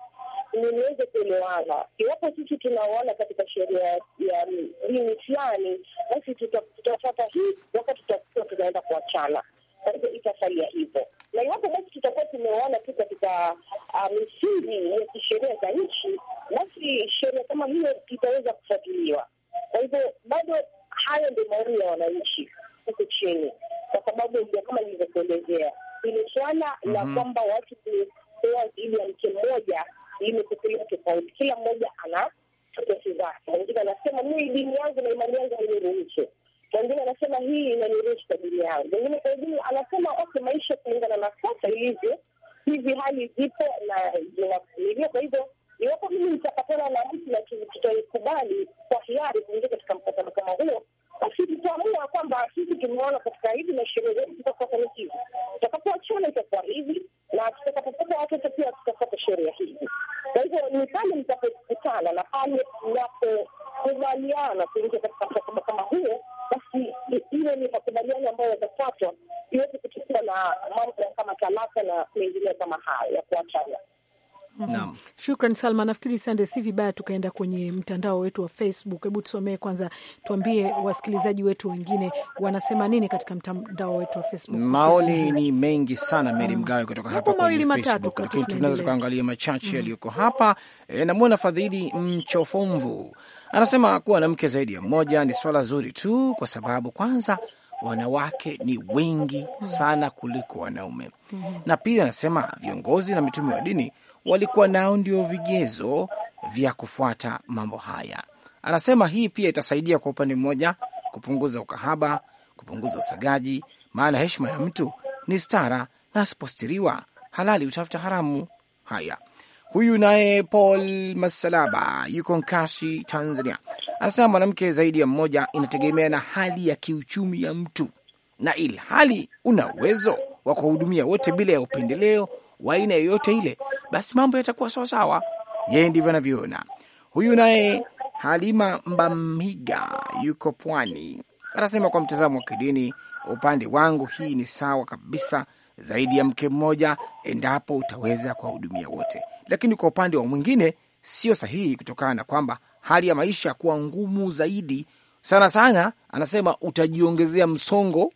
niweze kuelewana. Iwapo sisi tunaona katika sheria ya dini fulani, basi tutafata hii wakati tutakuwa tunaenda kuachana, kwa hivyo itasalia hivyo na iwapo basi tutakuwa tumeona tu katika ah, misingi ya kisheria za nchi, basi sheria kama hiyo itaweza kufuatiliwa. Kwa hivyo bado hayo ndio maoni ya wananchi huku chini, kwa sababu ndio kama nilivyokuelezea ile swala la mhm. kwamba watu kuoa zaidi ya mke mmoja limepokelewa tofauti. Kila mmoja ana tofauti zake. Wengine anasema mimi dini yangu na imani yangu hairuhusu wengine anasema hii inanirusha dini yangu, mwingine pengine anasema okay, maisha kulingana na sasa ilivyo hivi, hali zipo na zinavumilia. Kwa hivyo iwapo mimi nitapatana na mtu na tutaikubali kwa hiari kuingia katika mkataba kama huo ukijitamua kwamba sisi tumeona katika hivi na sherehe zetu tutafanikiwa, tutakapoachana itakuwa hivi na tutakapopata watoto pia tutafuata sheria hizi. Kwa hivyo ni pale mtapokutana na pale mnapokubaliana kuingia katika mkataba kama huo, basi iwe ni makubaliano ambayo yatafuatwa, iweze kuchukua na mambo kama talaka na mengine kama hayo ya kuachana. Naam. Shukran Salma, nafikiri sande, si vibaya tukaenda kwenye mtandao wetu wa Facebook. Hebu tusomee kwanza, tuambie wasikilizaji wetu wengine wanasema nini katika mtandao wetu wa Facebook. Maoni ni mengi sana, Meri Mgawe, kutoka hapa kwenye Facebook, lakini tunaweza tukaangalia machache mm-hmm. yaliyoko hapa. E, namwona Fadhili Mchofomvu anasema kuwa na mke zaidi ya mmoja ni swala zuri tu, kwa sababu kwanza wanawake ni wengi sana kuliko wanaume. Na pili anasema viongozi na mitume wa dini walikuwa nao ndio vigezo vya kufuata mambo haya. Anasema hii pia itasaidia kwa upande mmoja kupunguza ukahaba, kupunguza usagaji, maana heshima ya mtu ni stara na asipostiriwa halali utafuta haramu. Haya, Huyu naye Paul Masalaba yuko Nkasi, Tanzania, anasema mwanamke zaidi ya mmoja inategemea na hali ya kiuchumi ya mtu, na ilhali hali una uwezo wa kuwahudumia wote bila ya upendeleo wa aina yoyote ile, basi mambo yatakuwa sawasawa. Yeye ndivyo anavyoona. Huyu naye Halima Mbamhiga yuko Pwani, anasema kwa mtazamo wa kidini, upande wangu hii ni sawa kabisa zaidi ya mke mmoja endapo utaweza kuwahudumia wote, lakini kwa upande wa mwingine sio sahihi kutokana na kwamba hali ya maisha kuwa ngumu zaidi sana sana, anasema utajiongezea msongo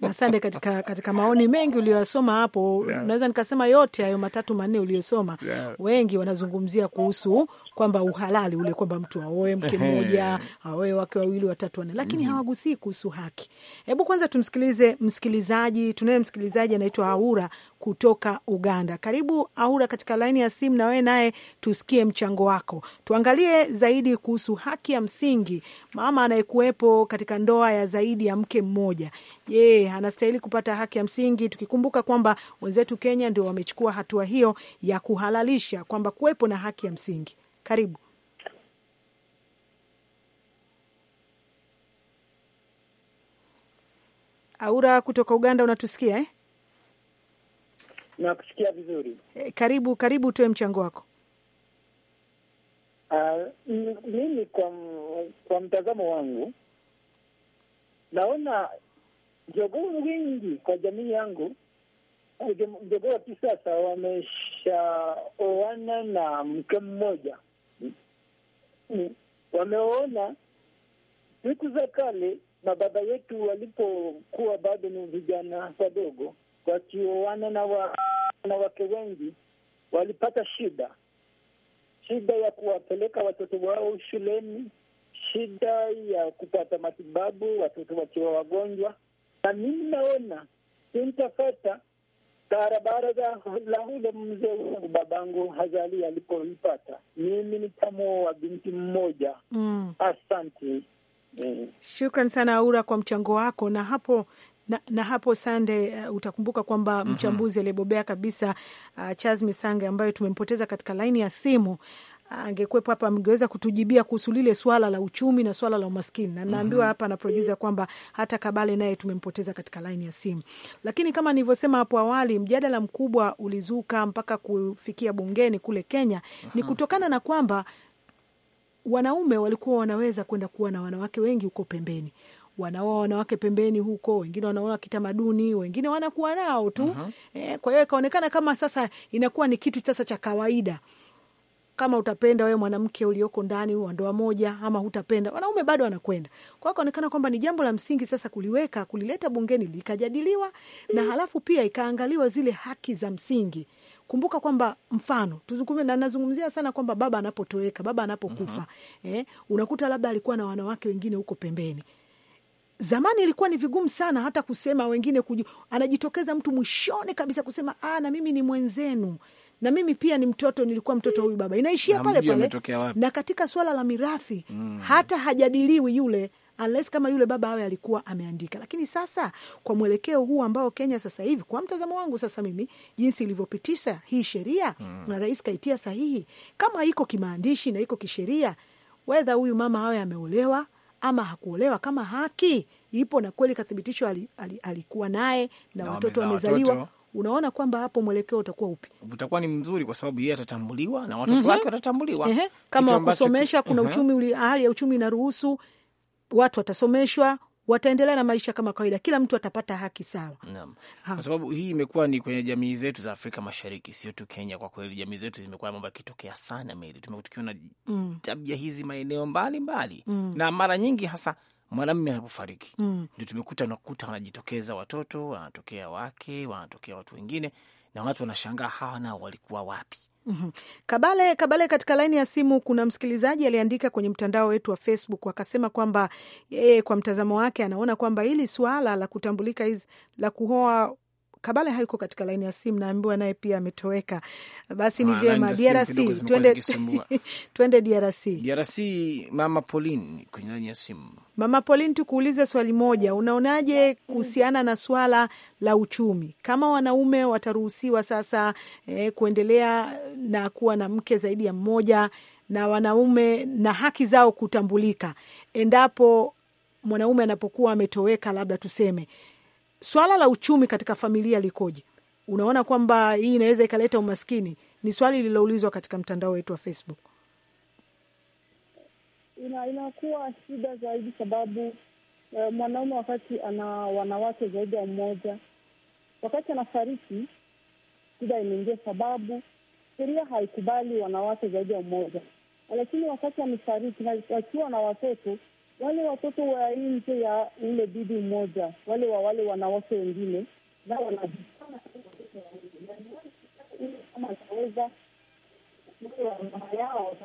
na sande. Katika, katika maoni mengi uliyoyasoma hapo, yeah. Naweza nikasema yote hayo matatu manne uliyosoma, yeah. Wengi wanazungumzia kuhusu kwamba uhalali ule kwamba mtu aoe mke mmoja aoe wake wawili watatu wanne, lakini mm. hawagusii kuhusu haki. Hebu kwanza tumsikilize msikilizaji, tunaye msikilizaji anaitwa Aura kutoka Uganda. Karibu Aura katika laini ya simu, na wewe naye tusikie mchango wako, tuangalie zaidi kuhusu haki ya msingi mama anayekuwepo katika ndoa ya zaidi ya mke mmoja. Je, anastahili kupata haki ya msingi, tukikumbuka kwamba wenzetu Kenya ndio wamechukua hatua hiyo ya kuhalalisha kwamba kuwepo na haki ya msingi. Karibu. Aura kutoka Uganda, unatusikia eh? Nakusikia vizuri eh, karibu karibu, utoe mchango wako. Uh, mimi kwa, kwa mtazamo wangu naona jogoo wingi kwa jamii yangu, jogoo wa kisasa wameshaoana na mke mmoja lakini wameona siku za kale mababa yetu walipokuwa bado ni vijana wadogo, wakioana na wanawake wengi, walipata shida, shida ya kuwapeleka watoto wao shuleni, shida ya kupata matibabu watoto wakiwa wagonjwa. Na mimi naona sintafata barabara za la ule mzee wangu babangu Hazali alipoipata mimi wa binti mmoja mm. Asante mm. Shukran sana Aura kwa mchango wako na hapo na, na hapo Sande, uh, utakumbuka kwamba mhm. mchambuzi aliyebobea kabisa uh, Charles Misange ambayo tumempoteza katika laini ya simu angekuwepo hapa angeweza kutujibia kuhusu lile swala la uchumi na swala la umaskini, na naambiwa mhm. hapa na producer kwamba hata Kabale naye tumempoteza katika laini ya simu. Lakini kama nilivyosema hapo awali, mjadala mkubwa ulizuka mpaka kufikia bungeni kule Kenya ni kutokana na kwamba wanaume walikuwa wanaweza kwenda kuwa na wanawake wengi huko pembeni wanaoa wanawake pembeni huko, wengine wanaoa kitamaduni, wengine wanakuwa nao tu uh -huh. E, kwa hiyo ikaonekana kama sasa inakuwa ni kitu sasa cha kawaida kama utapenda wewe mwanamke ulioko ndani wa ndoa moja ama hutapenda, wanaume bado wanakwenda. Kwa hiyo kaonekana kwamba ni jambo la msingi sasa kuliweka, kulileta bungeni likajadiliwa, na halafu pia ikaangaliwa zile haki za msingi. Kumbuka kwamba mfano tuzungumze na nazungumzia sana kwamba baba anapotoweka, baba anapokufa, mm -hmm. eh, unakuta labda alikuwa na wanawake wengine huko pembeni. Zamani ilikuwa ni vigumu sana hata kusema, wengine kuju, anajitokeza mtu mwishoni kabisa kusema ah, na mimi ni mwenzenu na mimi pia ni mtoto, nilikuwa mtoto huyu baba, inaishia pale pale. Na katika swala la mirathi mm, hata hajadiliwi yule unless kama yule baba awe alikuwa ameandika. Lakini sasa kwa mwelekeo huu ambao Kenya sasa hivi, kwa mtazamo wangu sasa mimi, jinsi ilivyopitisha hii sheria mm, na rais kaitia sahihi, kama iko kimaandishi na iko kisheria, wedha huyu mama awe ameolewa ama hakuolewa, kama haki ipo na kweli kathibitishwa, alikuwa naye na watoto wamezaliwa unaona kwamba hapo mwelekeo utakuwa upi? Utakuwa ni mzuri kwa sababu yeye atatambuliwa na watoto mm -hmm. wake watatambuliwa Ehe. kama wakusomesha kuna mhm. uchumi uli, hali ya uchumi inaruhusu watu watasomeshwa wataendelea na maisha kama kawaida, kila mtu atapata haki sawa, kwa sababu hii imekuwa ni kwenye jamii zetu za Afrika Mashariki, sio tu Kenya. Kwa kweli jamii zetu zimekuwa mambo yakitokea sana, Meri, tumekuwa tukiona mm. tabia hizi maeneo mbalimbali mm. na mara nyingi hasa mwanamme anapofariki mm. ndio tumekuta nakuta wanajitokeza watoto wanatokea wake wanatokea watu wengine, na watu wanashangaa hawa nao walikuwa wapi? Mhm. Kabale, Kabale, katika laini ya simu kuna msikilizaji aliandika kwenye mtandao wetu wa Facebook akasema kwamba yeye eh, kwa mtazamo wake anaona kwamba hili suala la kutambulika la kuhoa Kabale hayuko katika laini ya simu, naambiwa naye pia ametoweka. Basi ni ah, vyema DRC, twende twende DRC. DRC, mama Pauline kwenye laini ya simu. Mama Pauline, tukuulize swali moja, unaonaje kuhusiana na swala la uchumi, kama wanaume wataruhusiwa sasa eh, kuendelea na kuwa na mke zaidi ya mmoja na wanaume na haki zao kutambulika endapo mwanaume anapokuwa ametoweka, labda tuseme swala la uchumi katika familia likoje? Unaona kwamba hii inaweza ikaleta umaskini? Ni swali lililoulizwa katika mtandao wetu wa Facebook. Ina, inakuwa shida zaidi sababu e, mwanaume wakati ana wanawake zaidi ya mmoja, wakati anafariki shida imeingia, sababu sheria haikubali wanawake zaidi ya mmoja, lakini wakati amefariki akiwa na watoto wale watoto wa nje ya ule bibi mmoja, wale wa wale wanawake wengine, na wanajifanya kama mama yao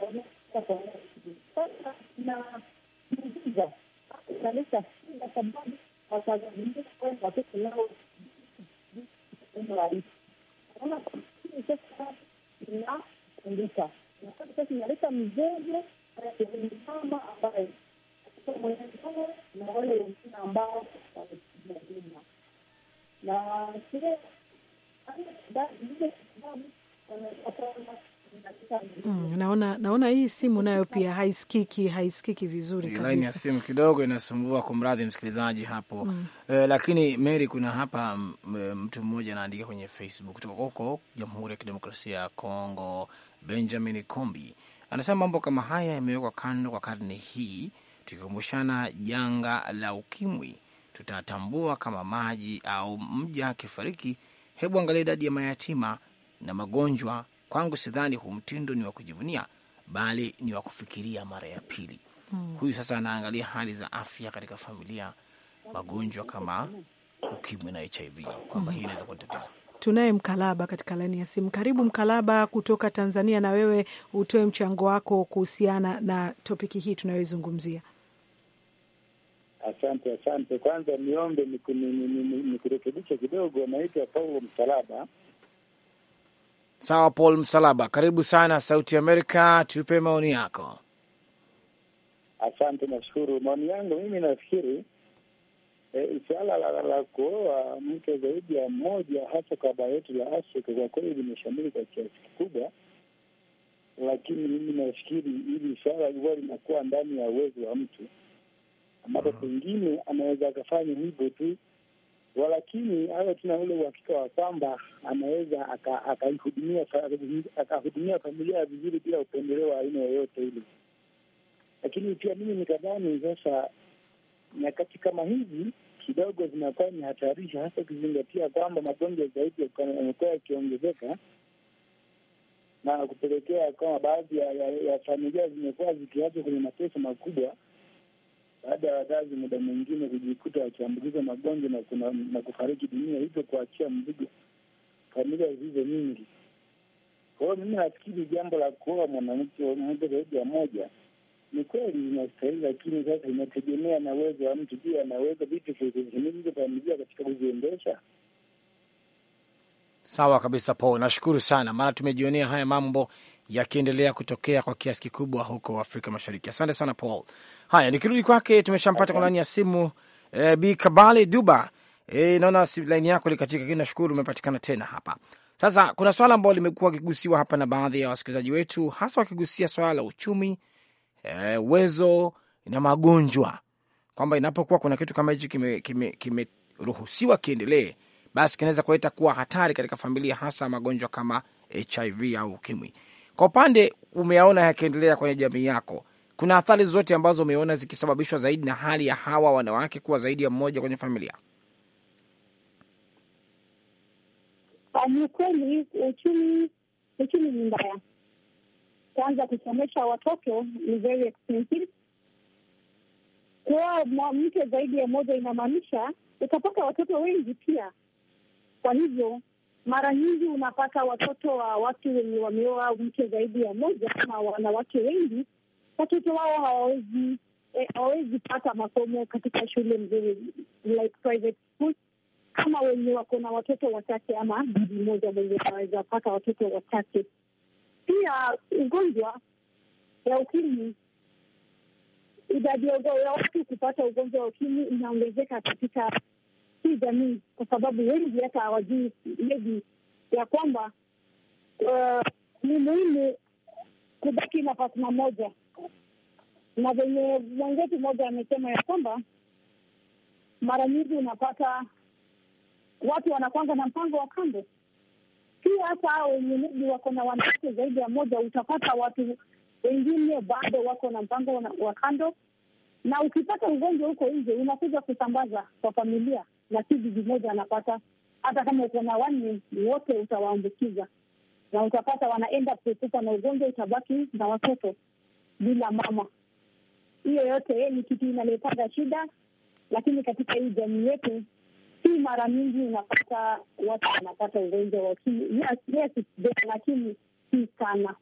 Kristo na wale wengine ambao na kile Mm, naona naona hii simu nayo pia haisikiki haisikiki vizuri kabisa. Laini ya simu kidogo inasumbua, kumradhi msikilizaji hapo mm. E, lakini Mary, kuna hapa mtu mmoja anaandika kwenye Facebook kutoka huko Jamhuri ya Kidemokrasia ya Kongo, Benjamin Kombi anasema mambo kama haya yamewekwa kando kwa karne hii tukikumbushana janga la ukimwi, tutatambua kama maji au mja akifariki. Hebu angalia idadi ya mayatima na magonjwa. Kwangu sidhani huu mtindo ni wa kujivunia, bali ni wa kufikiria mara ya pili. Hmm. Huyu sasa anaangalia hali za afya katika familia, magonjwa kama ukimwi na HIV kwamba hii inaweza kuwa tatizo. Tunaye Mkalaba katika laini ya simu. Karibu Mkalaba kutoka Tanzania, na wewe utoe mchango wako kuhusiana na topiki hii tunayoizungumzia. Asante, asante. Kwanza niombe nikurekebisha kidogo, anaitwa Paulo Msalaba. Sawa, Paul Msalaba, karibu sana Sauti Amerika, tupe maoni yako. Asante, nashukuru. Maoni yangu mimi nafikiri e, suala la, la, la kuoa mke zaidi ya mmoja hasa kwa bara yetu la Afrika kwa kweli limeshamiri kwa kiasi kikubwa, lakini mimi nafikiri hili suala huwa linakuwa ndani ya uwezo wa mtu ambapo mm-hmm. pengine anaweza akafanya hivyo tu, walakini hayo tuna ule uhakika wa kwamba anaweza akahudumia aka familia vizuri bila upendeleo wa aina yoyote ile. Lakini pia mimi nikadhani sasa nyakati kama hizi kidogo zinakuwa ni hatarishi, hasa ukizingatia kwamba magonjwa zaidi yamekuwa yakiongezeka na kupelekea kama baadhi ya familia zimekuwa zikiachwa kwenye mateso makubwa baada ya wazazi muda mwingine kujikuta wakiambukiza magonjwa na, na, na kufariki dunia, hivyo kuachia mzigo familia zilizo nyingi. Kwa hiyo mimi nafikiri jambo la kuoa mwanamke mmoja zaidi ya moja ni kweli inastahili, lakini sasa inategemea na uwezo wa mtu. juu anaweza vitu hizo familia katika kuziendesha? Sawa kabisa, Paul, nashukuru sana, maana tumejionea haya mambo yakiendelea kutokea kwa kiasi kikubwa huko Afrika Mashariki. Asante sana Paul. Haya, nikirudi kwake, tumeshampata kwa ndani ya simu e, Bi Kabale Duba. E, naona laini yako likatika, lakini nashukuru umepatikana tena hapa. Sasa kuna swala ambalo limekuwa kigusiwa hapa na baadhi ya wasikilizaji wetu, hasa wakigusia swala la uchumi, eh, uwezo e, na magonjwa, kwamba inapokuwa kuna kitu kama hichi kimeruhusiwa kime, kime kiendelee, basi kinaweza kuleta kuwa hatari katika familia, hasa magonjwa kama HIV au ukimwi kwa upande umeyaona yakiendelea kwenye jamii yako, kuna athari zote ambazo umeona zikisababishwa zaidi na hali ya hawa wanawake kuwa zaidi ya mmoja kwenye familia? Ni ukweli, uchumi, uchumi ni mbaya. Kwanza kusomesha watoto ni very expensive. Kuwa mke zaidi ya moja inamaanisha utapata watoto wengi pia, kwa hivyo mara nyingi unapata watoto wa watu wenye wameoa mke zaidi ya moja ama wanawake wengi, watoto wao hawawezi eh, hawawezi pata masomo katika shule mzuri like private school, kama wenye wako na watoto wachache ama bibi moja mwenye anaweza pata watoto wachache. Pia ugonjwa ya ukimwi, idadi ya watu kupata ugonjwa wa ukimwi inaongezeka katika si jamii, kwa sababu wengi hata hawajui hivi ya kwamba uh, ni muhimu kubaki na na moja, na venye mwenzetu moja amesema ya kwamba mara nyingi unapata watu wanakwanga na mpango wa kando pia hata hao wenye mji wako na wanawake zaidi ya moja, utapata watu wengine bado wako na mpango wa kando, na ukipata ugonjwa huko nje unakuja kusambaza kwa familia na si bibi moja anapata, hata kama uko na wanne wote utawaambukiza, na utapata wanaenda kukupa na ugonjwa, utabaki na watoto bila mama. Hiyo yote eh, ni kitu inalepata shida, lakini katika hii jamii yetu si mara mingi unapata watu wanapata ugonjwa wa ukimwi. Yes, yes, lakini si sana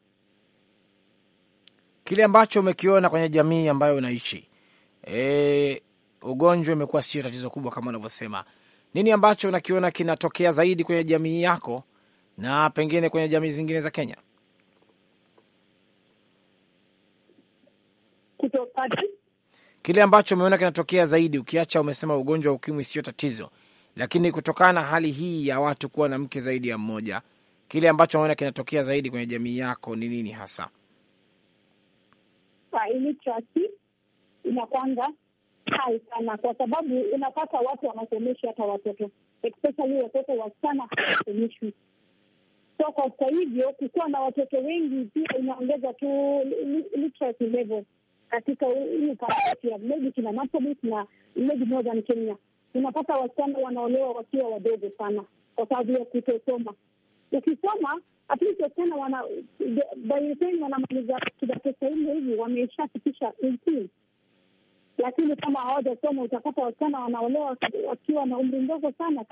kile ambacho umekiona kwenye jamii ambayo unaishi. E, ugonjwa imekuwa sio tatizo kubwa kama unavyosema. Nini ambacho unakiona kinatokea zaidi kwenye jamii yako na pengine kwenye jamii zingine za Kenya? Kutopati kile ambacho umeona kinatokea zaidi, ukiacha umesema ugonjwa wa ukimwi sio tatizo, lakini kutokana na hali hii ya watu kuwa na mke zaidi ya mmoja, kile ambacho umeona kinatokea zaidi kwenye jamii yako ni nini hasa? inakwanga hai sana, kwa sababu unapata watu wanasomeshwa hata watoto especially watoto wasichana hawasomeshwi. So kwa hivyo kukuwa na watoto wengi pia inaongeza tu literacy level katika hii kaunti ya na Marsabit na Legic Northern Kenya. Unapata wasichana wanaolewa wakiwa wadogo sana kwa sababu ya kutosoma. Ukisoma at least wasichana wana by the time wanamaliza kidato cha nne hivi wameshafikisha eighteen lakini kama hawajasoma utakuta wasichana wanaolewa wakiwa na umri mdogo sana,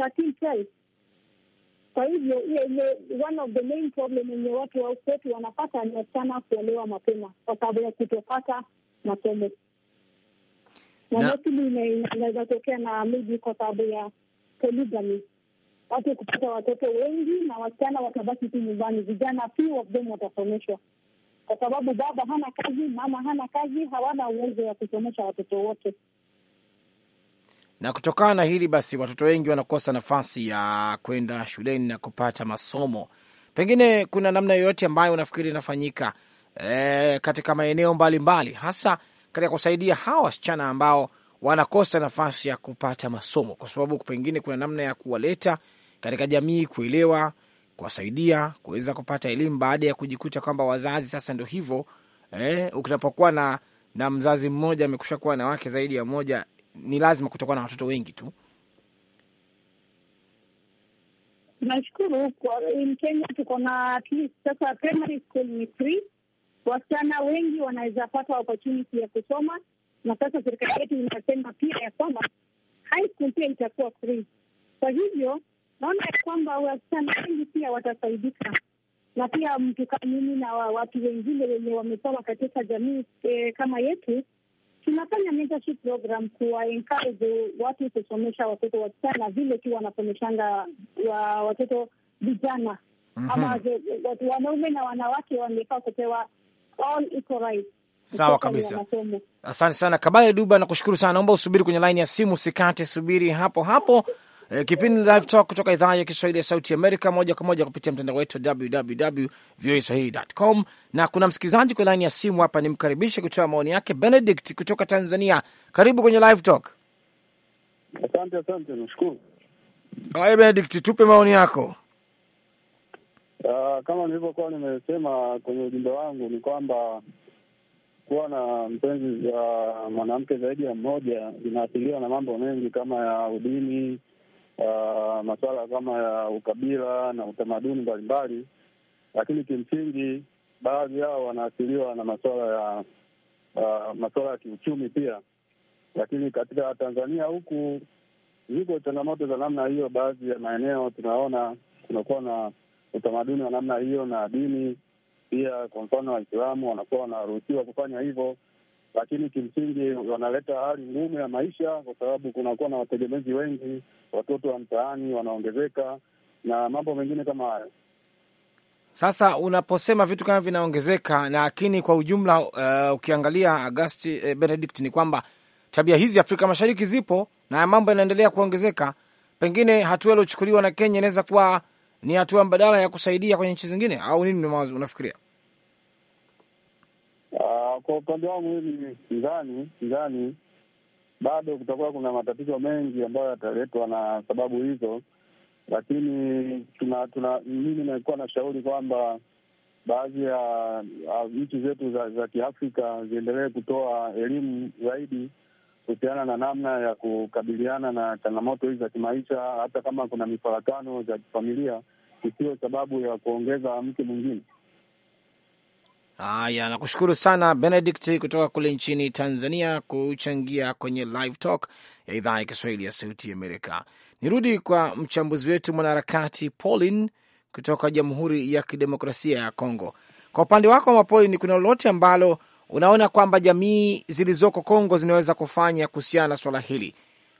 kwa hivyo ile one of the main problem watu wetu wanapata ni wasichana kuolewa mapema kwa sababu ya kutopata masomo, na inaweza tokea na miji kwa sababu ya polygamy, watu kupata watoto wengi na wasichana watabaki tu nyumbani, vijana few of watasomeshwa kwa sababu baba hana kazi, mama hana kazi, hawana uwezo wa kusomesha watoto wote. Na kutokana na hili basi, watoto wengi wanakosa nafasi ya kwenda shuleni na kupata masomo. Pengine kuna namna yoyote ambayo unafikiri inafanyika e, katika maeneo mbalimbali hasa katika kusaidia hawa wasichana ambao wanakosa nafasi ya kupata masomo, kwa sababu pengine kuna namna ya kuwaleta katika jamii kuelewa kuwasaidia kuweza kupata elimu baada ya kujikuta kwamba wazazi sasa ndo hivyo eh, ukinapokuwa na, na mzazi mmoja amekusha kuwa na wake zaidi ya moja ni lazima kutokuwa na watoto wengi tu. Nashukuru Kenya tuko na at least sasa primary school ni free, wasichana wengi wanaweza pata opportunity ya kusoma, na sasa serikali yetu inasema pia ya kwamba high school pia itakuwa free. Kwa hivyo naona kwamba wasichana wengi pia watasaidika na pia mtukamini na watu wengine wenye wamesoma katika jamii e, kama yetu tunafanya mentorship program kuwa encourage watu kusomesha watoto wasichana vile tu wanasomeshanga wa watoto vijana mm -hmm. Ama wanaume na wanawake wangefaa kupewa all equal rights. Sawa kabisa, asante sana Kabale Duba, nakushukuru sana. Naomba usubiri kwenye laini ya simu, sikate subiri hapo hapo E, kipindi Live Talk kutoka idhaa ya Kiswahili ya Sauti Amerika, moja kwa moja kupitia mtandao wetu wa www.voaswahili.com, na kuna msikilizaji kwa laini ya simu hapa, nimkaribishe kutoa maoni yake. Benedict kutoka Tanzania, karibu kwenye Live Talk. Asante, asante, nashukuru. Haya Benedict, tupe maoni yako. Uh, kama nilivyokuwa nimesema kwenye ujumbe wangu ni kwamba kuwa na mpenzi za mwanamke zaidi ya mmoja inaathiriwa na mambo mengi kama ya udini uh, masuala kama ya ukabila na utamaduni mbalimbali, lakini kimsingi baadhi yao wanaathiriwa na masuala ya uh, masuala ya kiuchumi pia. Lakini katika Tanzania huku ziko changamoto za namna hiyo. Baadhi ya maeneo tunaona kunakuwa na utamaduni wa namna hiyo na dini pia. Kwa mfano, Waislamu wanakuwa wanaruhusiwa kufanya hivyo lakini kimsingi wanaleta hali ngumu ya maisha, kwa sababu kunakuwa na wategemezi wengi, watoto wa mtaani wanaongezeka na mambo mengine kama hayo. Sasa unaposema vitu kama vinaongezeka, lakini kwa ujumla uh, ukiangalia Agasti uh, eh, Benedict, ni kwamba tabia hizi Afrika Mashariki zipo na mambo yanaendelea kuongezeka. Pengine hatua iliochukuliwa na Kenya inaweza kuwa ni hatua mbadala ya kusaidia kwenye nchi zingine, au nini unafikiria? kwa upande wangu hili sidhani, sidhani bado kutakuwa kuna matatizo mengi ambayo yataletwa na sababu hizo, lakini tuna, tuna mimi nakuwa na shauri kwamba baadhi ya nchi zetu za, za Kiafrika ziendelee kutoa elimu zaidi kuhusiana na namna ya kukabiliana na changamoto hizi za kimaisha, hata kama kuna mifarakano za kifamilia, isiyo sababu ya kuongeza mke mwingine. Haya, nakushukuru sana Benedict kutoka kule nchini Tanzania kuchangia kwenye live talk ya idhaa ya Kiswahili ya Sauti ya Amerika. Nirudi kwa mchambuzi wetu mwanaharakati Paulin kutoka Jamhuri ya Kidemokrasia ya Kongo. Kwa upande wako Mapolini, kuna lolote ambalo unaona kwamba jamii zilizoko Kongo zinaweza kufanya kuhusiana na swala hili?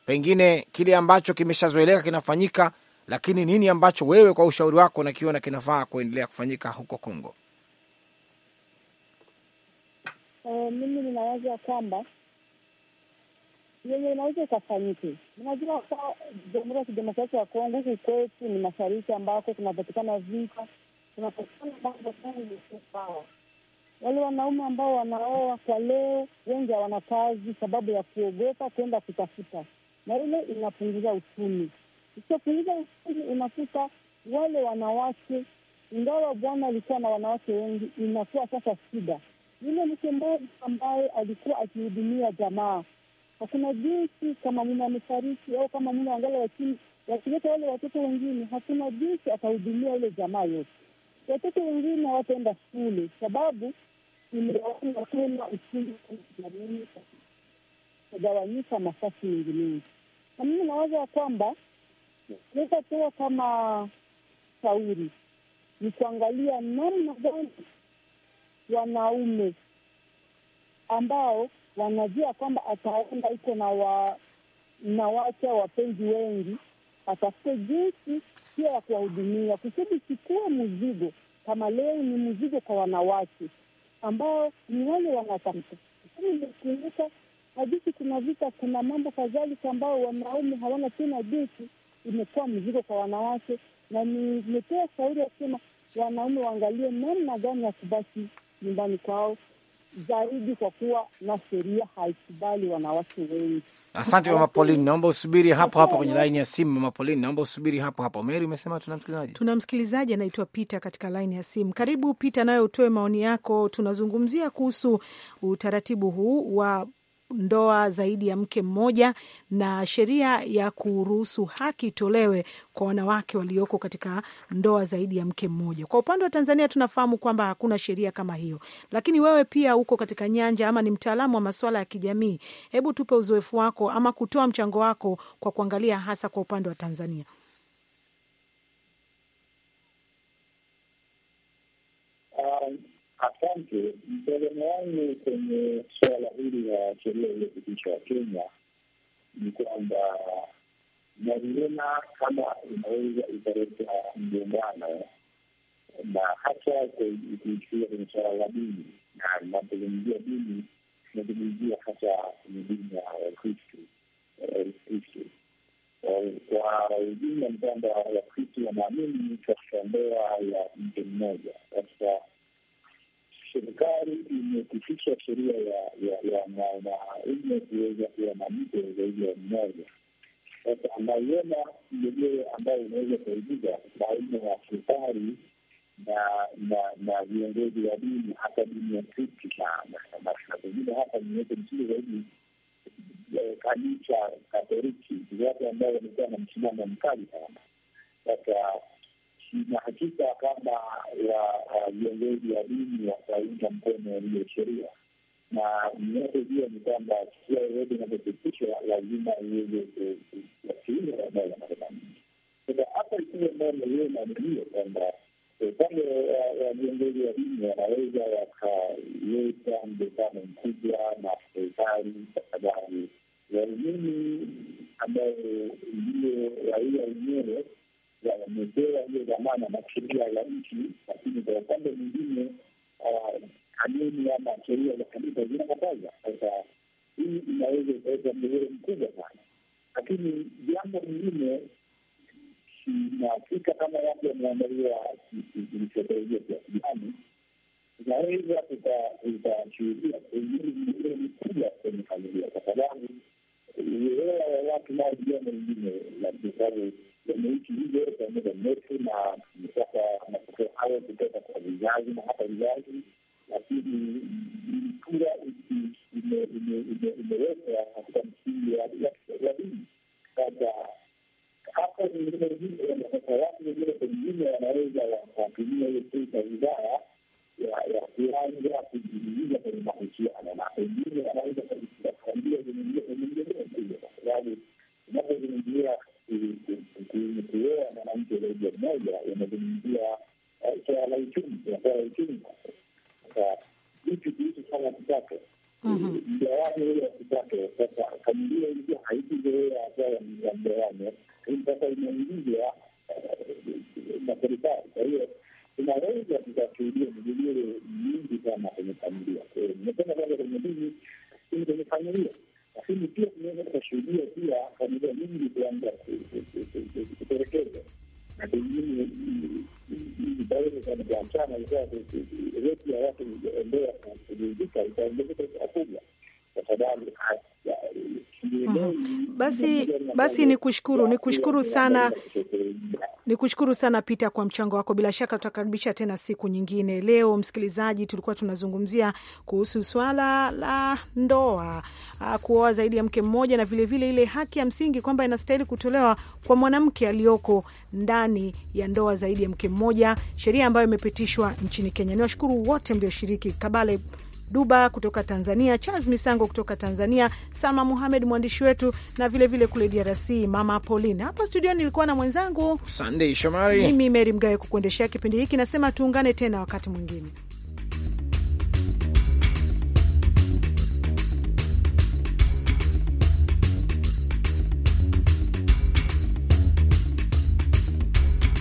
Pengine kile ambacho kimeshazoeleka kinafanyika, lakini nini ambacho wewe kwa ushauri wako unakiona kinafaa kuendelea kufanyika huko Kongo? Uh, mimi ninawaza kwamba yenye inaweza ikafanyike. Ninajua kwa Jamhuri ya Kidemokrasia ya Kongo huku kwetu ni mashariki ambako kunapatikana vita, kunapatikana mambo mengi sawa. Wale wanaume ambao wanaoa kwa leo wengi hawana kazi sababu ya kuogopa kwenda kutafuta, na ile inapunguza uchumi. Isiopunguza uchumi, unakuta wale wanawake, ingawa bwana alikuwa na wanawake wengi, inakuwa sasa shida yule mtendaji ambaye alikuwa akihudumia jamaa. Hakuna jinsi kama mume amefariki au kama mume angali lakini wale watoto wengine, hakuna jinsi atahudumia ile jamaa yote. Watoto wengine hawataenda shule sababu imewaona tena uchumi jamii kugawanyika nafasi mingi mingi, na mimi nawaza ya kwamba naweza toa kama shauri ni kuangalia namna gani wanaume ambao wanajua kwamba ataenda iko na wa, na wacha wapenzi wengi, atafute jinsi pia ya kuwahudumia kusudi sikuwe mzigo. Kama leo ni mzigo kwa wanawake ambao ni wale wanatamka imekumbuka hajisi, kuna vita, kuna mambo kadhalika ambao wanaume hawana tena jinsi, imekuwa mzigo kwa wanawake, na nimetoa shauri ya kusema wanaume waangalie namna gani ya kubaki nyumbani kwao zaidi kwa kuwa na sheria haikubali wanawake wengi. Asante Mama Pauline, naomba usubiri hapo hapo kwenye laini ya simu. Mama Pauline, naomba usubiri hapo hapo. Meri, umesema tuna msikilizaji, tuna msikilizaji anaitwa Pita katika laini ya simu. Karibu pite nayo utoe maoni yako. Tunazungumzia kuhusu utaratibu huu wa ndoa zaidi ya mke mmoja na sheria ya kuruhusu haki itolewe kwa wanawake walioko katika ndoa zaidi ya mke mmoja. Kwa upande wa Tanzania tunafahamu kwamba hakuna sheria kama hiyo, lakini wewe pia uko katika nyanja ama ni mtaalamu wa masuala ya kijamii, hebu tupe uzoefu wako ama kutoa mchango wako kwa kuangalia hasa kwa upande wa Tanzania. Um. Asante. Mtazamo wangu kwenye suala hili la sheria iliyopitishwa ya Kenya ni kwamba naiona kama inaweza ikaleta mgongano na hata ikichukulia kwenye suala la dini, na inapozungumzia dini inazungumzia hasa kwenye dini ya Wakristu. Eh, kwa ujumla ni kwamba Wakristu wanaamini katika ndoa ya mtu mmoja katika serikali imepitisha sheria ya mwanaume kuweza kuwa na mke zaidi ya mmoja. Sasa anaiona mgogoro ambayo unaweza kuaibika baina ya serikali na viongozi wa dini, hata dini ya Kristo na pengine hata niweze msingi zaidi kanisa Katoliki, watu ambao wamekuwa na msimamo mkali sana sasa na hakika kama wa viongozi wa dini wataunga mkono hiyo sheria, na nyote hiyo ni kwamba sheria yoyote inavyopitishwa lazima iweze kuwasilia baadaye na marekani. Sasa hapa ikiwa mbona hiyo maanilio kwamba upande wa viongozi wa dini wanaweza wakaweka mvutano mkubwa na serikali kwa sababu waumini ambayo ndio raia wenyewe wamepewa hiyo dhamana na sheria ya nchi, lakini kwa upande mwingine uh, kanuni ama sheria za kanisa zinakataza. Sasa hii inaweza ikaweza mgogoro mkubwa sana, lakini jambo lingine inaafika kama watu wameandaliwa kilichotarajia kiasi kijani, tunaweza tukashuhudia pengine mgogoro mkubwa kwenye familia, kwa sababu uelewa wa watu nao ni jambo lingine la sababu kwenye nchi hizo kwa muda mrefu, na tumepata matokeo hayo kutoka kwa vizazi na hata vizazi, lakini sura imeweza basi ni kushukuru sana, kushukuru sana Peter kwa mchango wako. Bila shaka tutakaribisha tena siku nyingine. Leo msikilizaji, tulikuwa tunazungumzia kuhusu swala la ndoa, ah, kuoa zaidi ya mke mmoja, na vilevile vile ile haki ya msingi kwamba inastahili kutolewa kwa mwanamke aliyoko ndani ya ndoa zaidi ya mke mmoja, sheria ambayo imepitishwa nchini Kenya. Niwashukuru wote mlioshiriki Kabale Duba kutoka Tanzania, Charles Misango kutoka Tanzania, Salma Muhamed mwandishi wetu, na vilevile vile kule DRC mama Pauline. Hapa studioni nilikuwa na mwenzangu Sandey Shomari, mimi Meri Mgawe kukuendeshea kipindi hiki, nasema tuungane tena wakati mwingine.